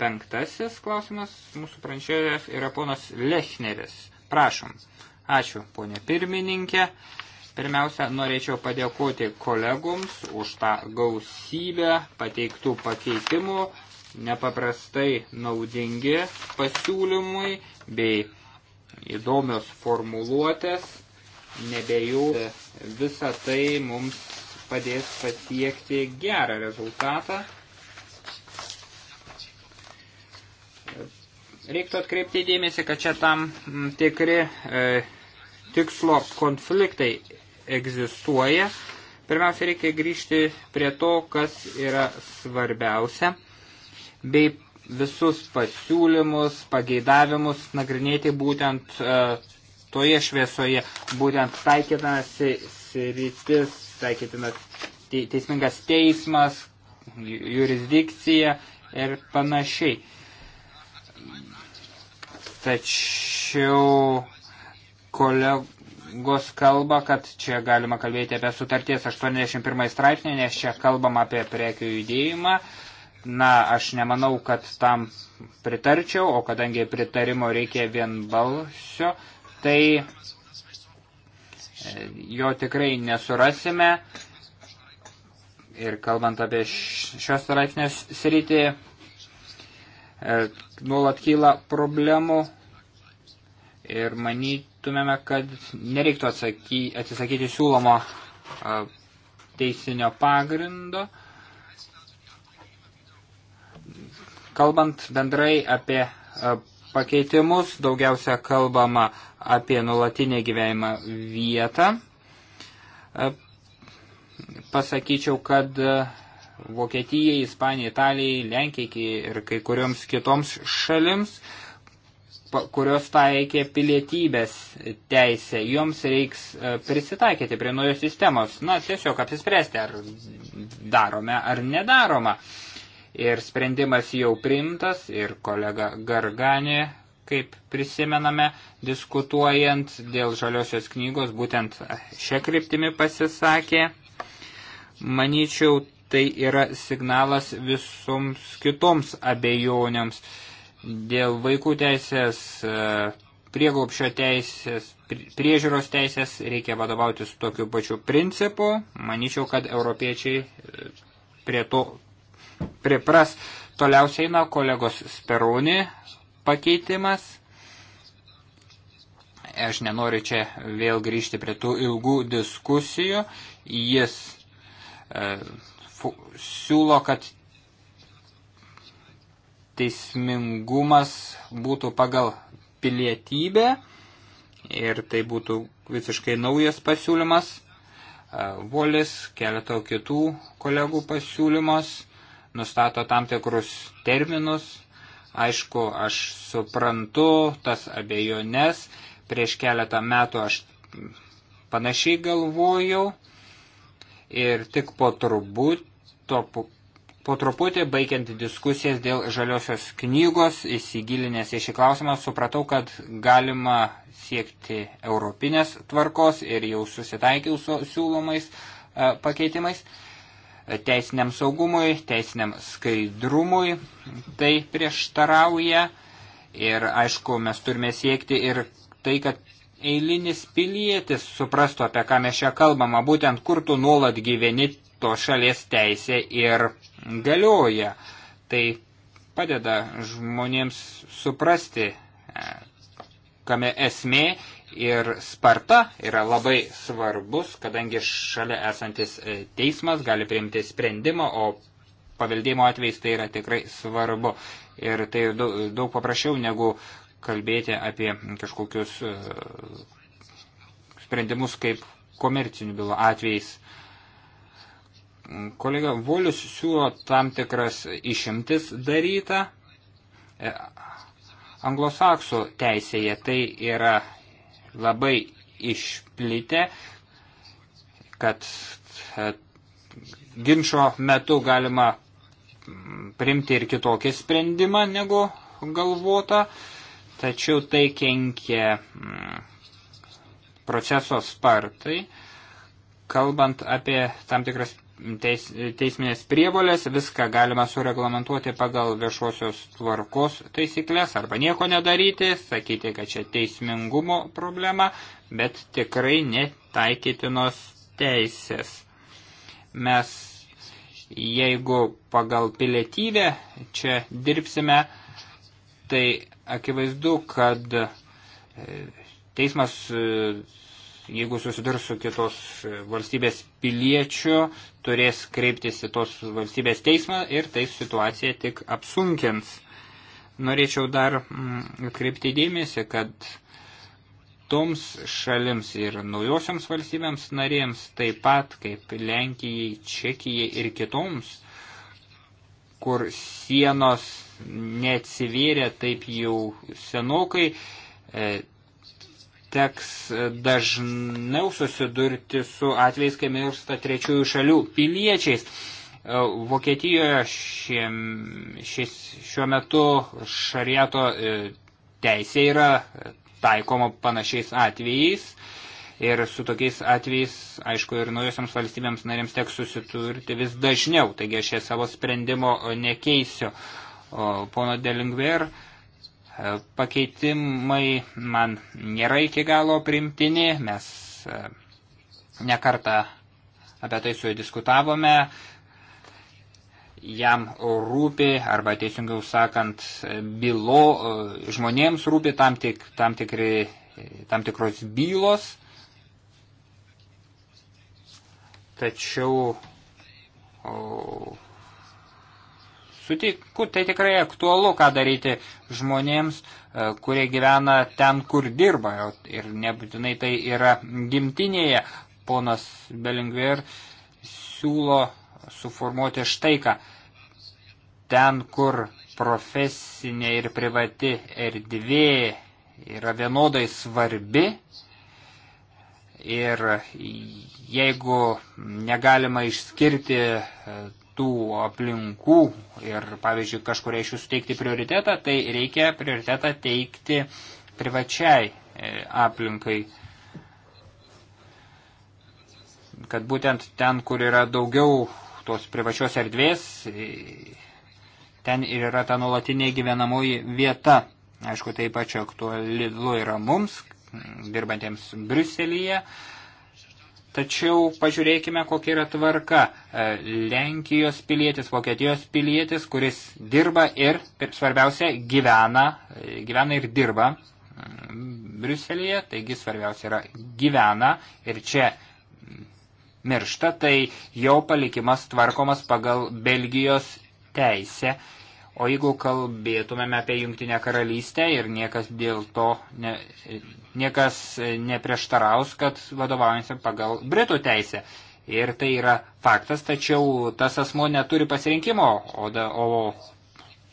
penktasis klausimas mūsų pranešėjas yra ponas Lechneris. Prašom. Ačiū, ponė pirmininkė. Pirmiausia, norėčiau padėkoti kolegoms už tą gausybę pateiktų pakeitimų, nepaprastai naudingi pasiūlymui bei įdomios formuluotės, nebejau visą tai mums padės pasiekti gerą rezultatą. Reiktų atkreipti dėmesį, kad čia tam tikri e, tikslo konfliktai egzistuoja. Pirmiausia, reikia grįžti prie to, kas yra svarbiausia, bei visus pasiūlymus, pageidavimus nagrinėti būtent e, toje šviesoje, būtent taikytinas rytis, taikytinas teismingas teismas, jurisdikcija ir panašiai. Tačiau kolegų sąjungos kalbą, kad čia galima kalbėti apie sutarties 81 straipsnį, nes čia kalbam apie prekių judėjimą. Na, aš nemanau, kad tam pritarčiau, o kadangi pritarimo reikia vienbalsio, tai e, jo tikrai nesurasime. Ir kalbant apie šios straipsnės sritį, e, nuolat kyla problemų ir manyti manytumėme, kad nereiktų atsaky, atsisakyti siūlomo teisinio pagrindo. Kalbant bendrai apie pakeitimus, daugiausia kalbama apie nulatinę gyvenimą vietą. Pasakyčiau, kad Vokietijai, Ispanijai, Italijai, Lenkijai ir kai kurioms kitoms šalims uh, kurios taikė pilietybės teisę. Joms reiks e, prisitaikyti prie naujos sistemos. Na, tiesiog apsispręsti, ar darome, ar nedaroma. Ir sprendimas jau priimtas, ir kolega Garganė, kaip prisimename, diskutuojant dėl žaliosios knygos, būtent šią kryptimį pasisakė. Manyčiau, tai yra signalas visoms kitoms abejonėms dėl vaikų teisės, e, prieglopšio teisės, priežiūros teisės reikia vadovautis tokiu pačiu principu. Manyčiau, kad europiečiai e, prie to pripras. Toliausiai eina kolegos Sperūni pakeitimas. Aš nenoriu čia vėl grįžti prie tų ilgų diskusijų. Jis e, siūlo, kad teismingumas būtų pagal pilietybę ir tai būtų visiškai naujas pasiūlymas. Volis, keleto kitų kolegų pasiūlymas nustato tam tikrus terminus. Aišku, aš suprantu tas abejones. Prieš keletą metų aš panašiai galvojau ir tik po turbūt to Po truputį, baigiant diskusijas dėl žaliosios knygos, įsigilinęs į šį klausimą, supratau, kad galima siekti europinės tvarkos ir jau susitaikiau su siūlomais e, pakeitimais teisiniam saugumui, teisiniam skaidrumui. Tai prieštarauja ir aišku, mes turime siekti ir tai, kad eilinis pilietis suprastų, apie ką mes čia kalbama, būtent kur tu nuolat gyveni to šalies teisė ir galioja. Tai padeda žmonėms suprasti, e, kame esmė ir sparta yra labai svarbus, kadangi šalia esantis e, teismas gali priimti sprendimą, o paveldėjimo atvejais tai yra tikrai svarbu. Ir tai daug paprasčiau negu kalbėti apie kažkokius e, sprendimus kaip komercinių bylų atvejais. Kolega Volius siūlo tam tikras išimtis daryta. E, Anglosaksų teisėje tai yra labai išplitę, kad e, ginčio metu galima mm, primti ir kitokį sprendimą negu galvota, tačiau tai kenkia mm, proceso spartai, kalbant apie tam tikras teis, teisminės prievolės, viską galima sureglamentuoti pagal viešosios tvarkos taisyklės arba nieko nedaryti, sakyti, kad čia teismingumo problema, bet tikrai netaikytinos teisės. Mes, jeigu pagal pilietybę čia dirbsime, tai akivaizdu, kad e, teismas jeigu susidurs su kitos valstybės piliečiu, turės kreiptis į tos valstybės teismą ir tai situacija tik apsunkins. Norėčiau dar mm, kreipti dėmesį, kad toms šalims ir naujosioms valstybėms narėms, taip pat kaip Lenkijai, Čekijai ir kitoms, kur sienos neatsivėrė taip jau senokai, e, teks dažniau susidurti su atvejais, kai miršta trečiųjų šalių piliečiais. E, Vokietijoje šie, šis, šiuo metu šariato e, teisė yra taikoma panašiais atvejais. Ir su tokiais atvejais, aišku, ir naujosiams valstybėms narėms teks susiturti vis dažniau. Taigi aš savo sprendimo nekeisiu. O, pono Delingver, uh, E, pakeitimai man nėra iki galo primtini, mes e, nekartą apie tai su juo diskutavome, jam rūpi, arba teisingiau sakant, bylo, e, žmonėms rūpi tam, tik, tam, tikri, tam tikros bylos, tačiau o, sutiku, tai tikrai aktualu, ką daryti žmonėms, e, kurie gyvena ten, kur dirba. Ir nebūtinai tai yra gimtinėje. Ponas Belingver siūlo suformuoti štai ką. Ten, kur profesinė ir privati erdvė yra vienodai svarbi, Ir jeigu negalima išskirti e, tų aplinkų ir, pavyzdžiui, kažkuria iš jų suteikti prioritetą, tai reikia prioritetą teikti privačiai e, aplinkai. Kad būtent ten, kur yra daugiau tos privačios erdvės, e, ten ir yra ta nuolatinė gyvenamoji vieta. Aišku, taip pat aktualu yra mums, dirbantiems Briuselyje. Tačiau pažiūrėkime, kokia yra tvarka. E, Lenkijos pilietis, Vokietijos pilietis, kuris dirba ir, svarbiausia, gyvena, e, gyvena ir dirba mm, Briuselėje, taigi svarbiausia yra gyvena ir čia miršta, tai jo palikimas tvarkomas pagal Belgijos teisę O jeigu kalbėtumėme apie Jungtinę karalystę ir niekas dėl to, ne, niekas e, neprieštaraus, kad vadovaujansim pagal Britų teisę. Ir tai yra faktas, tačiau tas asmo neturi pasirinkimo, o, da, o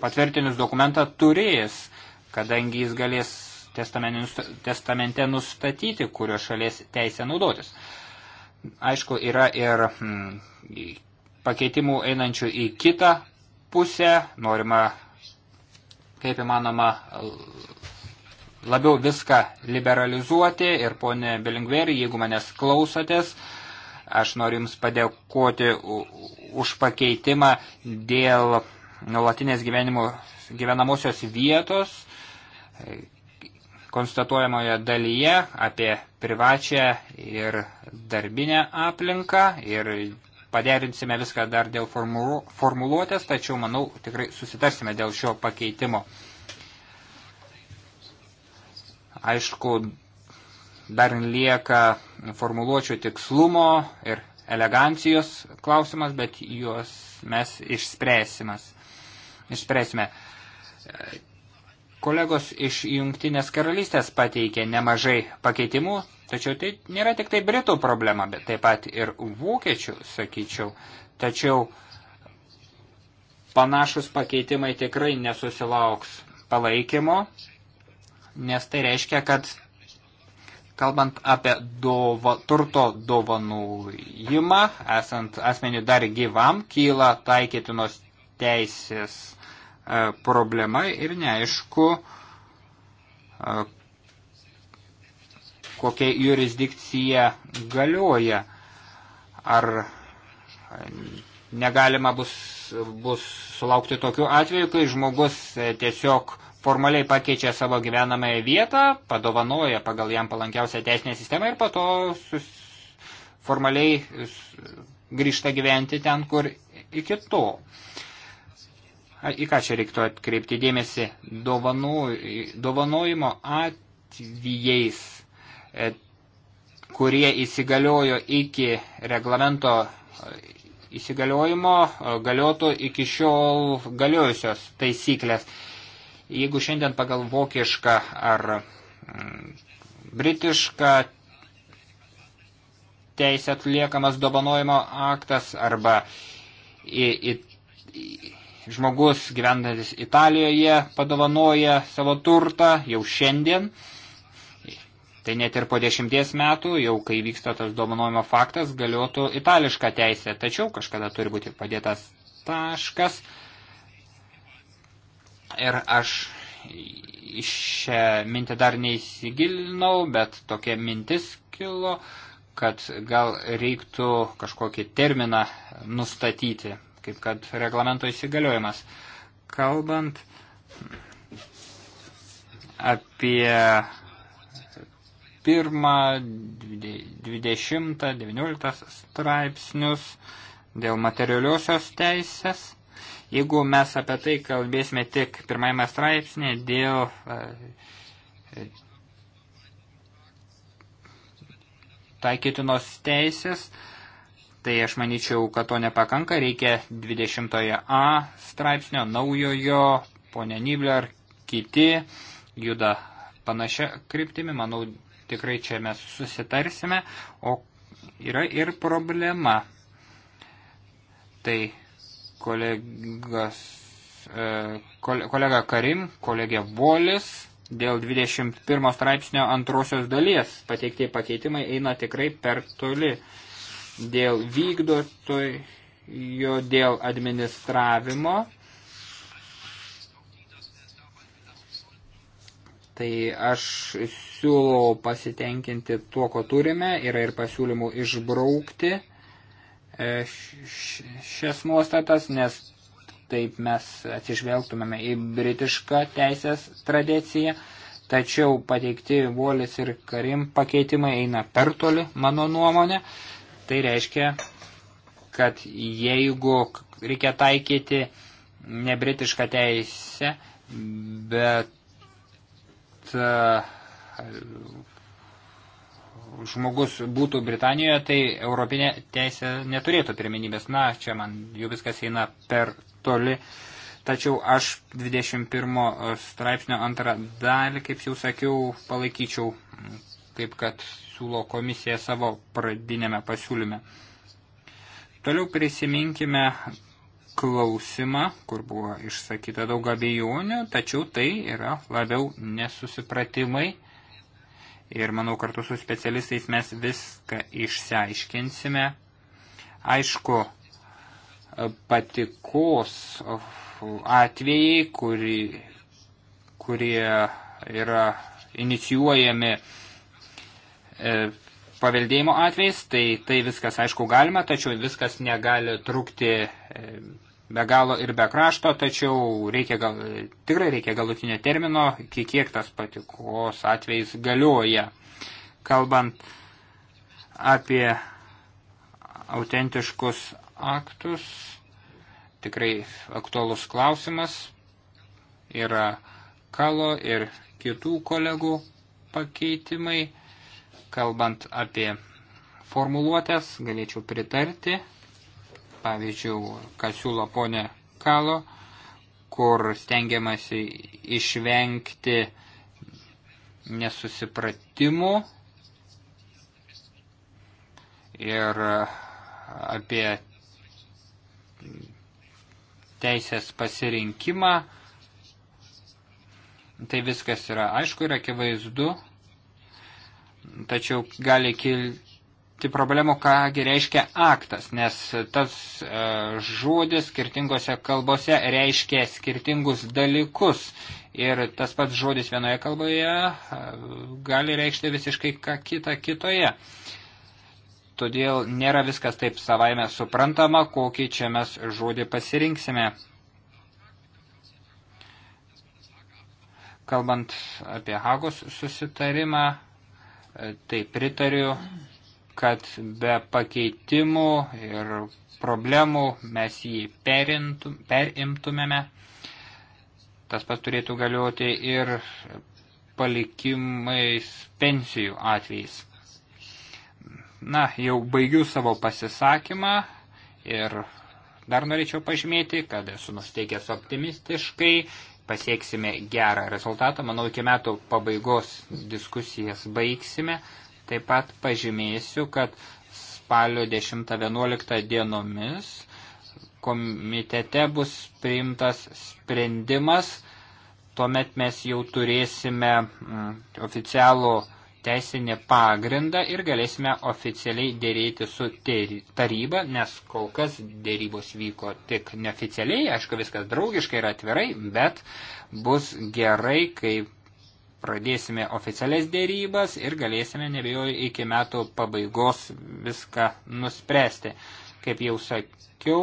patvirtinus dokumentą turės, kadangi jis galės testamente nustatyti, kurio šalies teisę naudotis. Aišku, yra ir hmm, pakeitimų einančių į kitą pusę, norima, kaip įmanoma, labiau viską liberalizuoti ir ponė Belingveri, jeigu manęs klausotės, aš noriu Jums padėkoti už pakeitimą dėl nuolatinės gyvenimo, gyvenamosios vietos e, konstatuojamoje dalyje apie privačią ir darbinę aplinką ir Paderinsime viską dar dėl formuluotės, tačiau, manau, tikrai susitarsime dėl šio pakeitimo. Aišku, dar lieka formuluočių tikslumo ir elegancijos klausimas, bet juos mes išspręsimas. išspręsime. Kolegos iš Jungtinės karalystės pateikė nemažai pakeitimų, tačiau tai nėra tik tai Britų problema, bet taip pat ir Vokiečių, sakyčiau. Tačiau panašus pakeitimai tikrai nesusilauks palaikymo, nes tai reiškia, kad kalbant apie dova, turto dovanojimą, esant asmeniu dar gyvam, kyla taikytinos teisės E, problema ir neaišku, e, kokia jurisdikcija galioja. Ar negalima bus, bus sulaukti tokių atvejų, kai žmogus tiesiog formaliai pakeičia savo gyvenamąją vietą, padovanoja pagal jam palankiausią teisinę sistemą ir po to sus, formaliai grįžta gyventi ten, kur iki to. Uh, į ką čia reiktų atkreipti dėmesį, dovanojimo atvejais, e, kurie įsigaliojo iki reglamento e, įsigaliojimo, e, galiotų iki šiol galiojusios taisyklės. Jeigu šiandien pagal vokišką ar mm, britišką teisę atliekamas dovanojimo aktas arba į, į, žmogus gyvenantis Italijoje padovanoja savo turtą jau šiandien. Tai net ir po dešimties metų, jau kai vyksta tas dominojimo faktas, galiotų itališką teisę. Tačiau kažkada turi būti padėtas taškas. Ir aš iš šią mintį dar neįsigilinau, bet tokia mintis kilo, kad gal reiktų kažkokį terminą nustatyti kaip kad reglamento įsigaliojimas. Kalbant apie pirmą, dvidešimtą, devynioliktą straipsnius dėl materialiosios teisės. Jeigu mes apie tai kalbėsime tik pirmajame straipsnė dėl e, e, taikytinos teisės, Tai aš manyčiau, kad to nepakanka, reikia 20a straipsnio, naujojo, ponė Nibler, kiti juda panašia kryptimi, manau, tikrai čia mes susitarsime, o yra ir problema. Tai kolegas, e, kolega Karim, kolegė Volis dėl 21 straipsnio antrosios dalies pateikti pakeitimai eina tikrai per toli dėl vykdotojo, dėl administravimo. Tai aš siūlau pasitenkinti tuo, ko turime, yra ir pasiūlymų išbraukti e, šias nuostatas, nes taip mes atsižvelgtumėme į britišką teisės tradiciją, tačiau pateikti Volis ir Karim pakeitimai eina per toli, mano nuomonė. Tai reiškia, kad jeigu reikia taikyti ne britišką teisę, bet e, žmogus būtų Britanijoje, tai europinė teisė neturėtų pirmenybės. Na, čia man jau viskas eina per toli. Tačiau aš 21 straipsnio antrą dalį, kaip jau sakiau, palaikyčiau kaip kad siūlo komisija savo pradinėme pasiūlyme. Toliau prisiminkime klausimą, kur buvo išsakyta daug abejonių, tačiau tai yra labiau nesusipratimai. Ir manau, kartu su specialistais mes viską išsiaiškinsime. Aišku, patikos atvejai, kuri, kurie yra inicijuojami E, paveldėjimo atvejais, tai, tai viskas aišku galima, tačiau viskas negali trukti e, be galo ir be krašto, tačiau reikia gal, tikrai reikia galutinio termino, kiek tas patikos atvejais galioja. Kalbant apie autentiškus aktus, tikrai aktuolus klausimas yra Kalo ir kitų kolegų pakeitimai Kalbant apie formuluotės, galėčiau pritarti, pavyzdžiui, ką siūlo ponė Kalo, kur stengiamasi išvengti nesusipratimų ir apie teisės pasirinkimą. Tai viskas yra aišku ir akivaizdu, tačiau gali kilti problemų, kągi reiškia aktas, nes tas e, žodis skirtingose kalbose reiškia skirtingus dalykus ir tas pats žodis vienoje kalboje e, gali reikšti visiškai ką kitą kitoje. Todėl nėra viskas taip savaime suprantama, kokį čia mes žodį pasirinksime. Kalbant apie Hagos susitarimą, tai pritariu, kad be pakeitimų ir problemų mes jį perintum, perimtumėme. Tas pats turėtų galioti ir palikimais pensijų atvejais. Na, jau baigiu savo pasisakymą ir dar norėčiau pažymėti, kad esu nusteikęs optimistiškai pasieksime gerą rezultatą. Manau, iki metų pabaigos diskusijas baigsime. Taip pat pažymėsiu, kad spalio 10-11 dienomis komitete bus priimtas sprendimas, tuomet mes jau turėsime mm, oficialų teisinį pagrindą ir galėsime oficialiai dėrėti su taryba, nes kol kas dėrybos vyko tik neoficialiai, aišku, viskas draugiškai ir atvirai, bet bus gerai, kai pradėsime oficialias dėrybas ir galėsime, nebejoju, iki metų pabaigos viską nuspręsti. Kaip jau sakiau,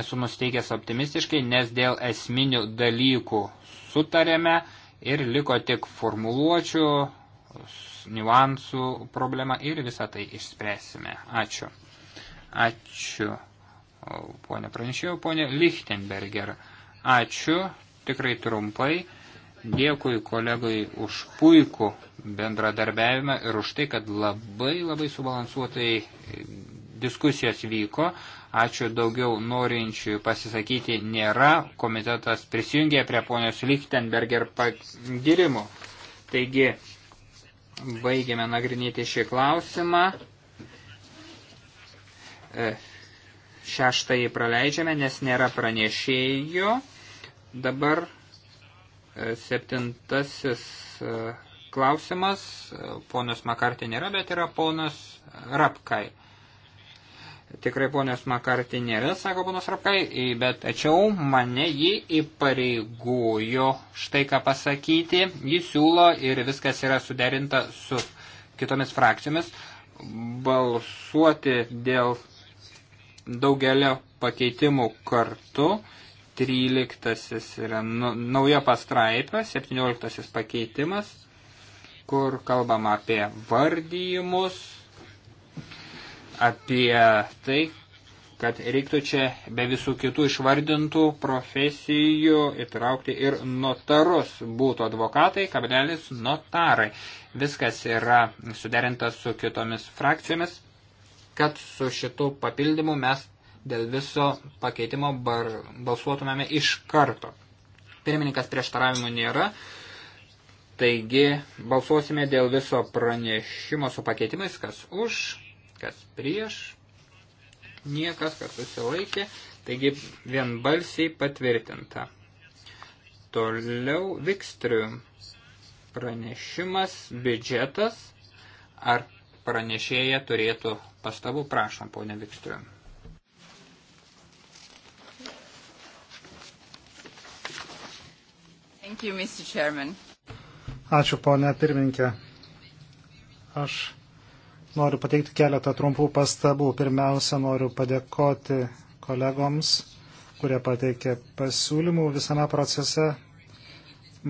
esu nusteikęs optimistiškai, nes dėl esminių dalykų sutarėme ir liko tik formuluočių niuansų problemą ir visą tai išspręsime. Ačiū. Ačiū, ponė pranešėjau, ponė Lichtenberger. Ačiū, tikrai trumpai. Dėkui kolegai už puikų bendradarbiavimą ir už tai, kad labai labai subalansuotai diskusijos vyko. Ačiū daugiau norinčių pasisakyti nėra. Komitetas prisijungė prie ponios Lichtenberger pagirimų. Taigi, Baigėme nagrinėti šį klausimą. E, šeštąjį praleidžiame, nes nėra pranešėjų. Dabar e, septintasis e, klausimas. Ponas Makartė nėra, bet yra ponas Rapkai. Tikrai ponios Makartį nėra, sako ponas Rapkai, bet tačiau mane jį įpareigojo štai ką pasakyti. Jį siūlo ir viskas yra suderinta su kitomis frakcijomis balsuoti dėl daugelio pakeitimų kartu. 13 yra nu, nauja pastraipa, 17 pakeitimas, kur kalbama apie vardyjimus, apie tai, kad reiktų čia be visų kitų išvardintų profesijų įtraukti ir notarus, būtų advokatai, kablelis notarai. Viskas yra suderinta su kitomis frakcijomis, kad su šitu papildymu mes dėl viso pakeitimo bar, balsuotumėme iš karto. Pirmininkas prieštaravimų nėra, taigi balsuosime dėl viso pranešimo su pakeitimais, kas už, kas prieš, niekas, kas susilaikė, taigi vienbalsiai patvirtinta. Toliau Vikstriu pranešimas, biudžetas, ar pranešėja turėtų pastabų, prašom, ponė Vikstriu. Thank you, Mr. Chairman. Ačiū, ponė pirminkė. Aš Noriu pateikti keletą trumpų pastabų. Pirmiausia, noriu padėkoti kolegoms, kurie pateikė pasiūlymų visame procese.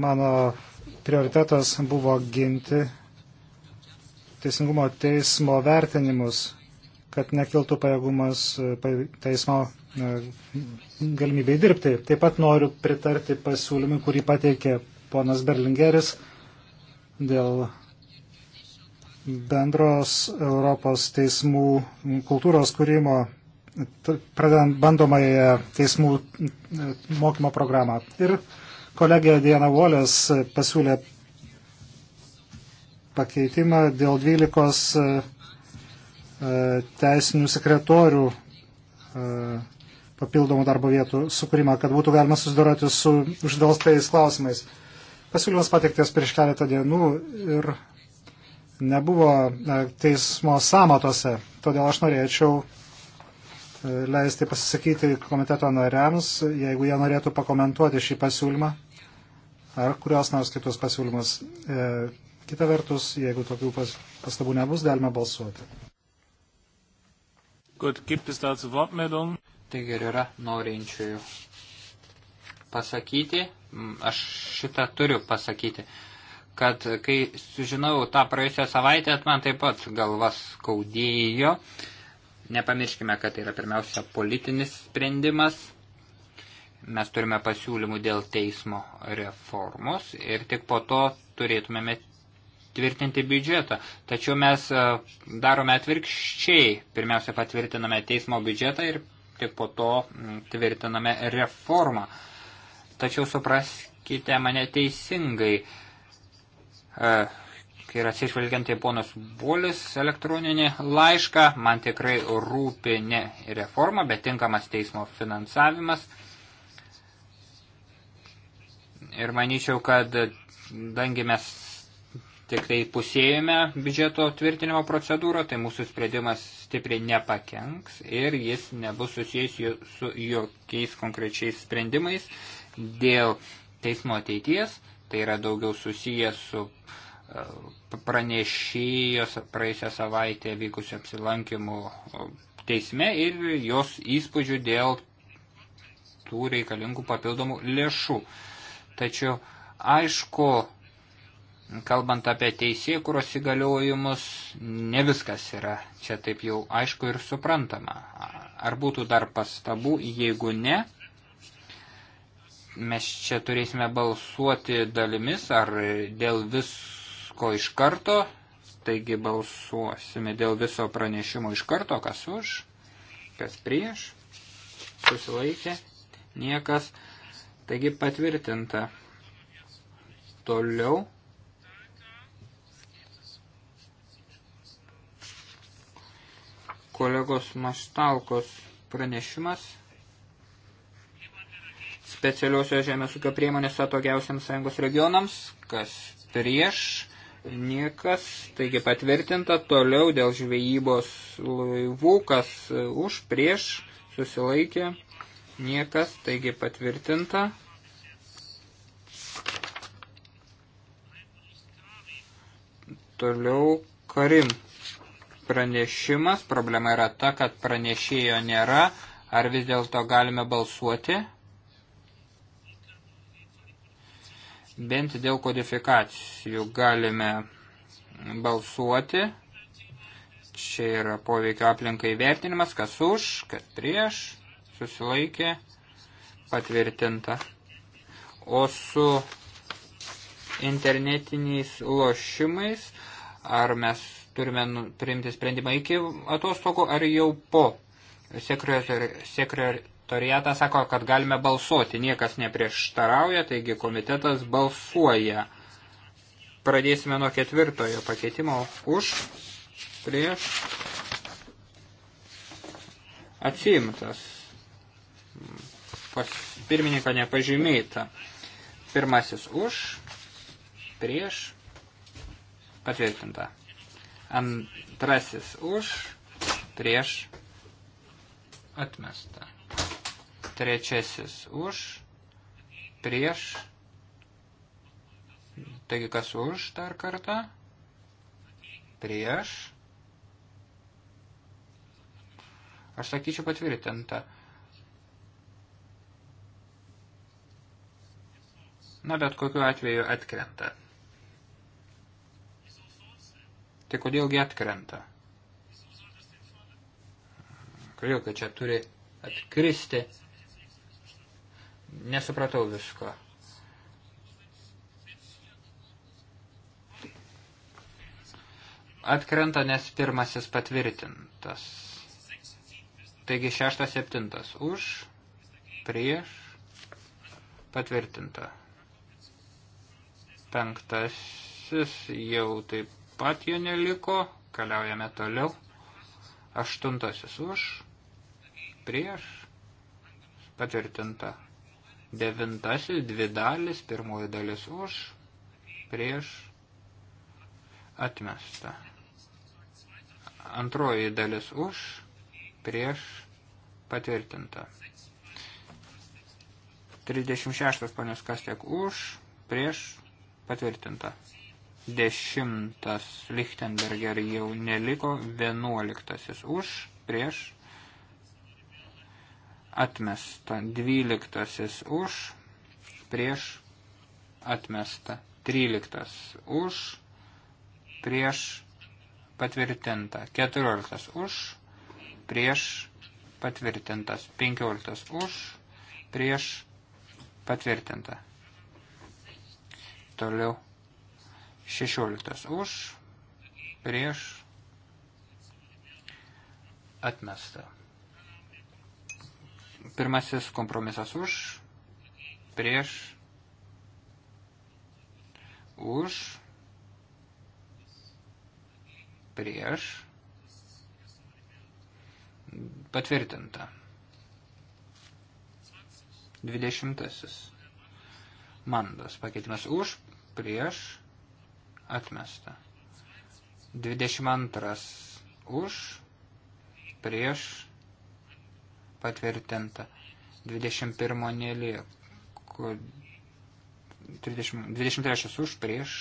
Mano prioritetas buvo ginti teisingumo teismo vertinimus, kad nekiltų pajėgumas teismo e, galimybėj dirbti. Taip pat noriu pritarti pasiūlymui, kurį pateikė ponas Berlingeris dėl bendros Europos teismų kultūros kūrimo, pradedant bandomąją teismų e, mokymo programą. Ir kolegė Diana Volės pasiūlė pakeitimą dėl 12 e, e, teisinių sekretorių papildomų darbo vietų sukūrimą, kad būtų galima susidoroti su uždėlstais klausimais. Pasiūlymas pateiktas prieš keletą dienų ir nebuvo e, teismo samatose. Todėl aš norėčiau e, leisti pasisakyti komiteto nariams, jeigu jie norėtų pakomentuoti šį pasiūlymą ar kurios nors kitus pasiūlymus. E, kita vertus, jeigu tokių pastabų nebus, galime balsuoti. Gut, gibt es dazu Wortmeldungen? Taigi ir yra norinčiųjų pasakyti. Aš šitą turiu pasakyti. Uh, kad kai sužinau tą praėjusią savaitę, man taip pat galvas skaudėjo. Nepamirškime, kad tai yra pirmiausia politinis sprendimas. Mes turime pasiūlymų dėl teismo reformos ir tik po to turėtumėme tvirtinti biudžetą. Tačiau mes e, darome atvirkščiai. Pirmiausia, patvirtiname teismo biudžetą ir tik po to tvirtiname reformą. Tačiau supraskite mane teisingai. E, ir atsižvelgiant į ponus Bulis elektroninį laišką, man tikrai rūpi ne reforma, bet tinkamas teismo finansavimas. Ir manyčiau, kad dangi mes tik tai pusėjame biudžeto tvirtinimo procedūrą, tai mūsų sprendimas stipriai nepakenks ir jis nebus susijęs su jokiais konkrečiais sprendimais dėl teismo ateities tai yra daugiau susijęs su e, pranešėjos praėjusią savaitę vykusio apsilankimų teisme ir jos įspūdžių dėl tų reikalingų papildomų lėšų. Tačiau, aišku, kalbant apie teisėkuros įgaliojimus, ne viskas yra čia taip jau aišku ir suprantama. Ar būtų dar pastabų, jeigu ne, mes čia turėsime balsuoti dalimis ar dėl visko iš karto, taigi balsuosime dėl viso pranešimo iš karto, kas už, kas prieš, susilaikė, niekas, taigi patvirtinta. Toliau. Kolegos Maštalkos pranešimas specialiosios žemės ūkio priemonės atogiausiams sąjungos regionams, kas prieš, niekas, taigi patvirtinta toliau dėl žvejybos laivų, kas už, prieš, susilaikė, niekas, taigi patvirtinta. Toliau Karim pranešimas, problema yra ta, kad pranešėjo nėra, ar vis dėlto galime balsuoti? bent dėl kodifikacijų galime balsuoti. Čia yra poveikio aplinkai vertinimas, kas už, kas prieš, susilaikė, patvirtinta. O su internetiniais lošimais, ar mes turime nu, priimti sprendimą iki atostogų, ar jau po sekretor, sekretor, sekretoriatas sako, kad galime balsuoti, niekas neprieštarauja, taigi komitetas balsuoja. Pradėsime nuo ketvirtojo pakeitimo už, prieš, atsiimtas, pas pirmininko nepažymėta. Pirmasis už, prieš, patvirtinta. Antrasis už, prieš, atmesta trečiasis už, prieš, taigi kas už dar kartą, prieš, aš sakyčiau patvirtinta. Na, bet kokiu atveju atkrenta. Tai kodėlgi atkrenta? Kodėl, kad čia turi atkristi? Nesupratau visko. Atkrenta, nes pirmasis patvirtintas. Taigi šeštas septintas. Už, prieš, patvirtinta. Penktasis jau taip pat jo neliko. Kaliaujame toliau. Aštuntasis už, prieš, patvirtinta. Devintasis dvi dalis, pirmoji dalis už, prieš, atmesta. Antroji dalis už, prieš, patvirtinta. 36 ponios Kastiek už, prieš, patvirtinta. Dešimtas Lichtenberger jau neliko, vienuoliktasis už, prieš, atmesta. Dvyliktasis už, prieš, atmesta. Tryliktas už, prieš, patvirtinta. Keturioliktas už, prieš, patvirtintas. Penkioliktas už, prieš, patvirtinta. Toliau. Šešioliktas už, prieš, atmesta. Pirmasis kompromisas už, prieš, už, prieš, patvirtinta. Dvidešimtasis. Mandas pakeitimas už, prieš, atmesta. Dvidešimt antras už, prieš, atmesta patvirtinta. 21 nelieko. 30, 23 už prieš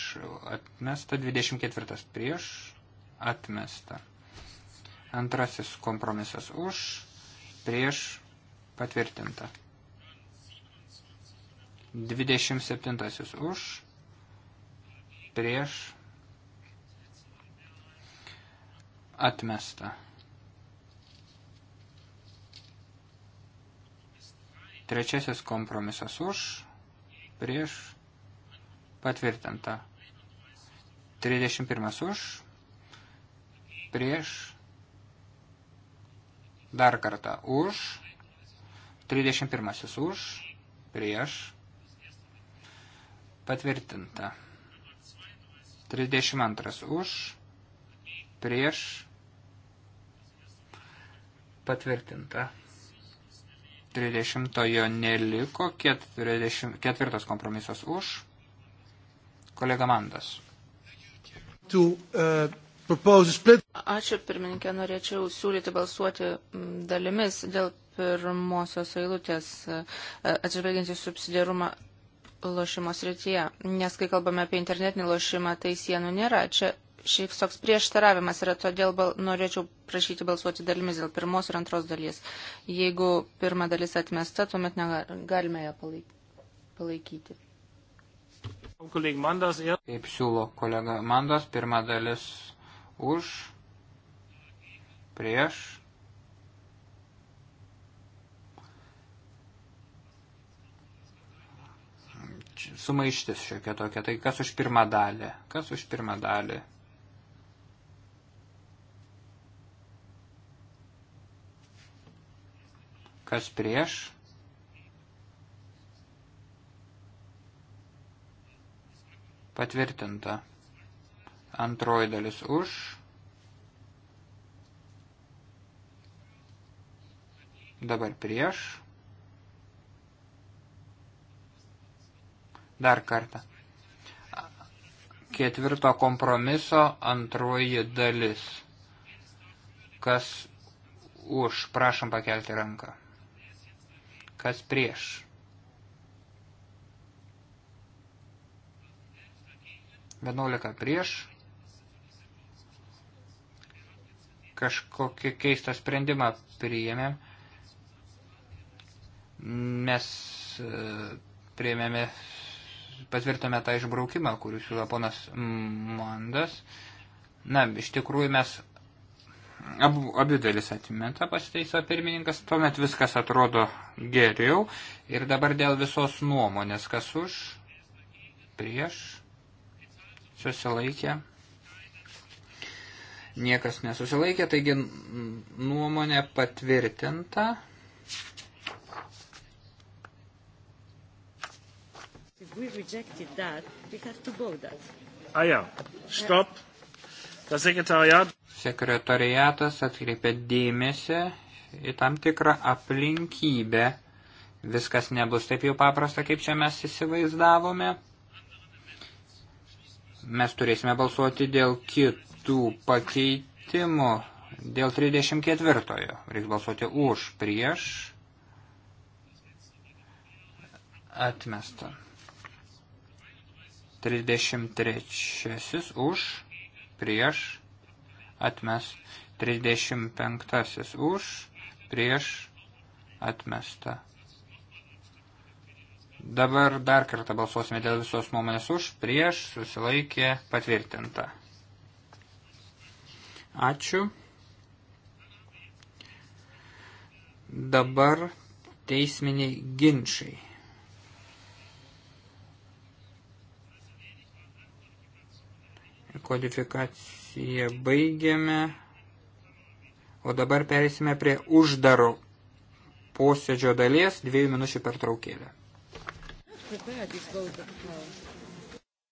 atmesta, 24 prieš atmesta. Antrasis kompromisas už prieš patvirtinta. 27 už prieš atmesta. Trečiasis kompromisas už, prieš, patvirtinta. 31 už, prieš, dar kartą už, 31 už, prieš, patvirtinta. 32 už, prieš, patvirtinta. 30 neliko, 40, ketvirtas kompromisas už. Kolega Mandas. To, uh, Ačiū pirmininkė, norėčiau siūlyti balsuoti mm, dalimis dėl pirmosios eilutės e, atsižvelgiant į subsidiarumą lošimo srityje. Nes kai kalbame apie internetinį lošimą, tai sienų nėra. Čia šioks toks prieštaravimas yra, todėl bal, norėčiau prašyti balsuoti dalimis dėl pirmos ir antros dalies. Jeigu pirma dalis atmesta, tuomet negalime ją palaikyti. Kaip siūlo kolega Mandas, pirma dalis už, prieš. Sumaištis šiokia tokia. Tai kas už pirmą dalį? Kas už pirmą dalį? kas prieš. Patvirtinta. Antroji dalis už. Dabar prieš. Dar kartą. Ketvirto kompromiso antroji dalis. Kas už, prašom pakelti ranką. Kas prieš? Vienuolika prieš. Kažkokį keistą sprendimą priėmėm. Mes e, priėmėme, patvirtame tą išbraukimą, kurį siūlo ponas Mandas. Na, iš tikrųjų mes Ab, abi dalis atmeta pasiteiso pirmininkas, tuomet viskas atrodo geriau. Ir dabar dėl visos nuomonės, kas už, prieš, susilaikė. Niekas nesusilaikė, taigi nuomonė patvirtinta. If we rejected that, we have to vote that. Ah ja, stopp. Das Sekretariat sekretoriatas atkreipė dėmesį į tam tikrą aplinkybę. Viskas nebus taip jau paprasta, kaip čia mes įsivaizdavome. Mes turėsime balsuoti dėl kitų pakeitimų. Dėl 34-ojo reiks balsuoti už, prieš, atmesta. 33-asis už, prieš, atmes. 35 už, prieš, atmesta. Dabar dar kartą balsuosime dėl visos nuomonės už, prieš, susilaikė, patvirtinta. Ačiū. Dabar teisminiai ginčiai. Kodifikacija sesiją baigiame, o dabar perėsime prie uždaro posėdžio dalies dviejų minučių pertraukėlę. Prepared this vote at home.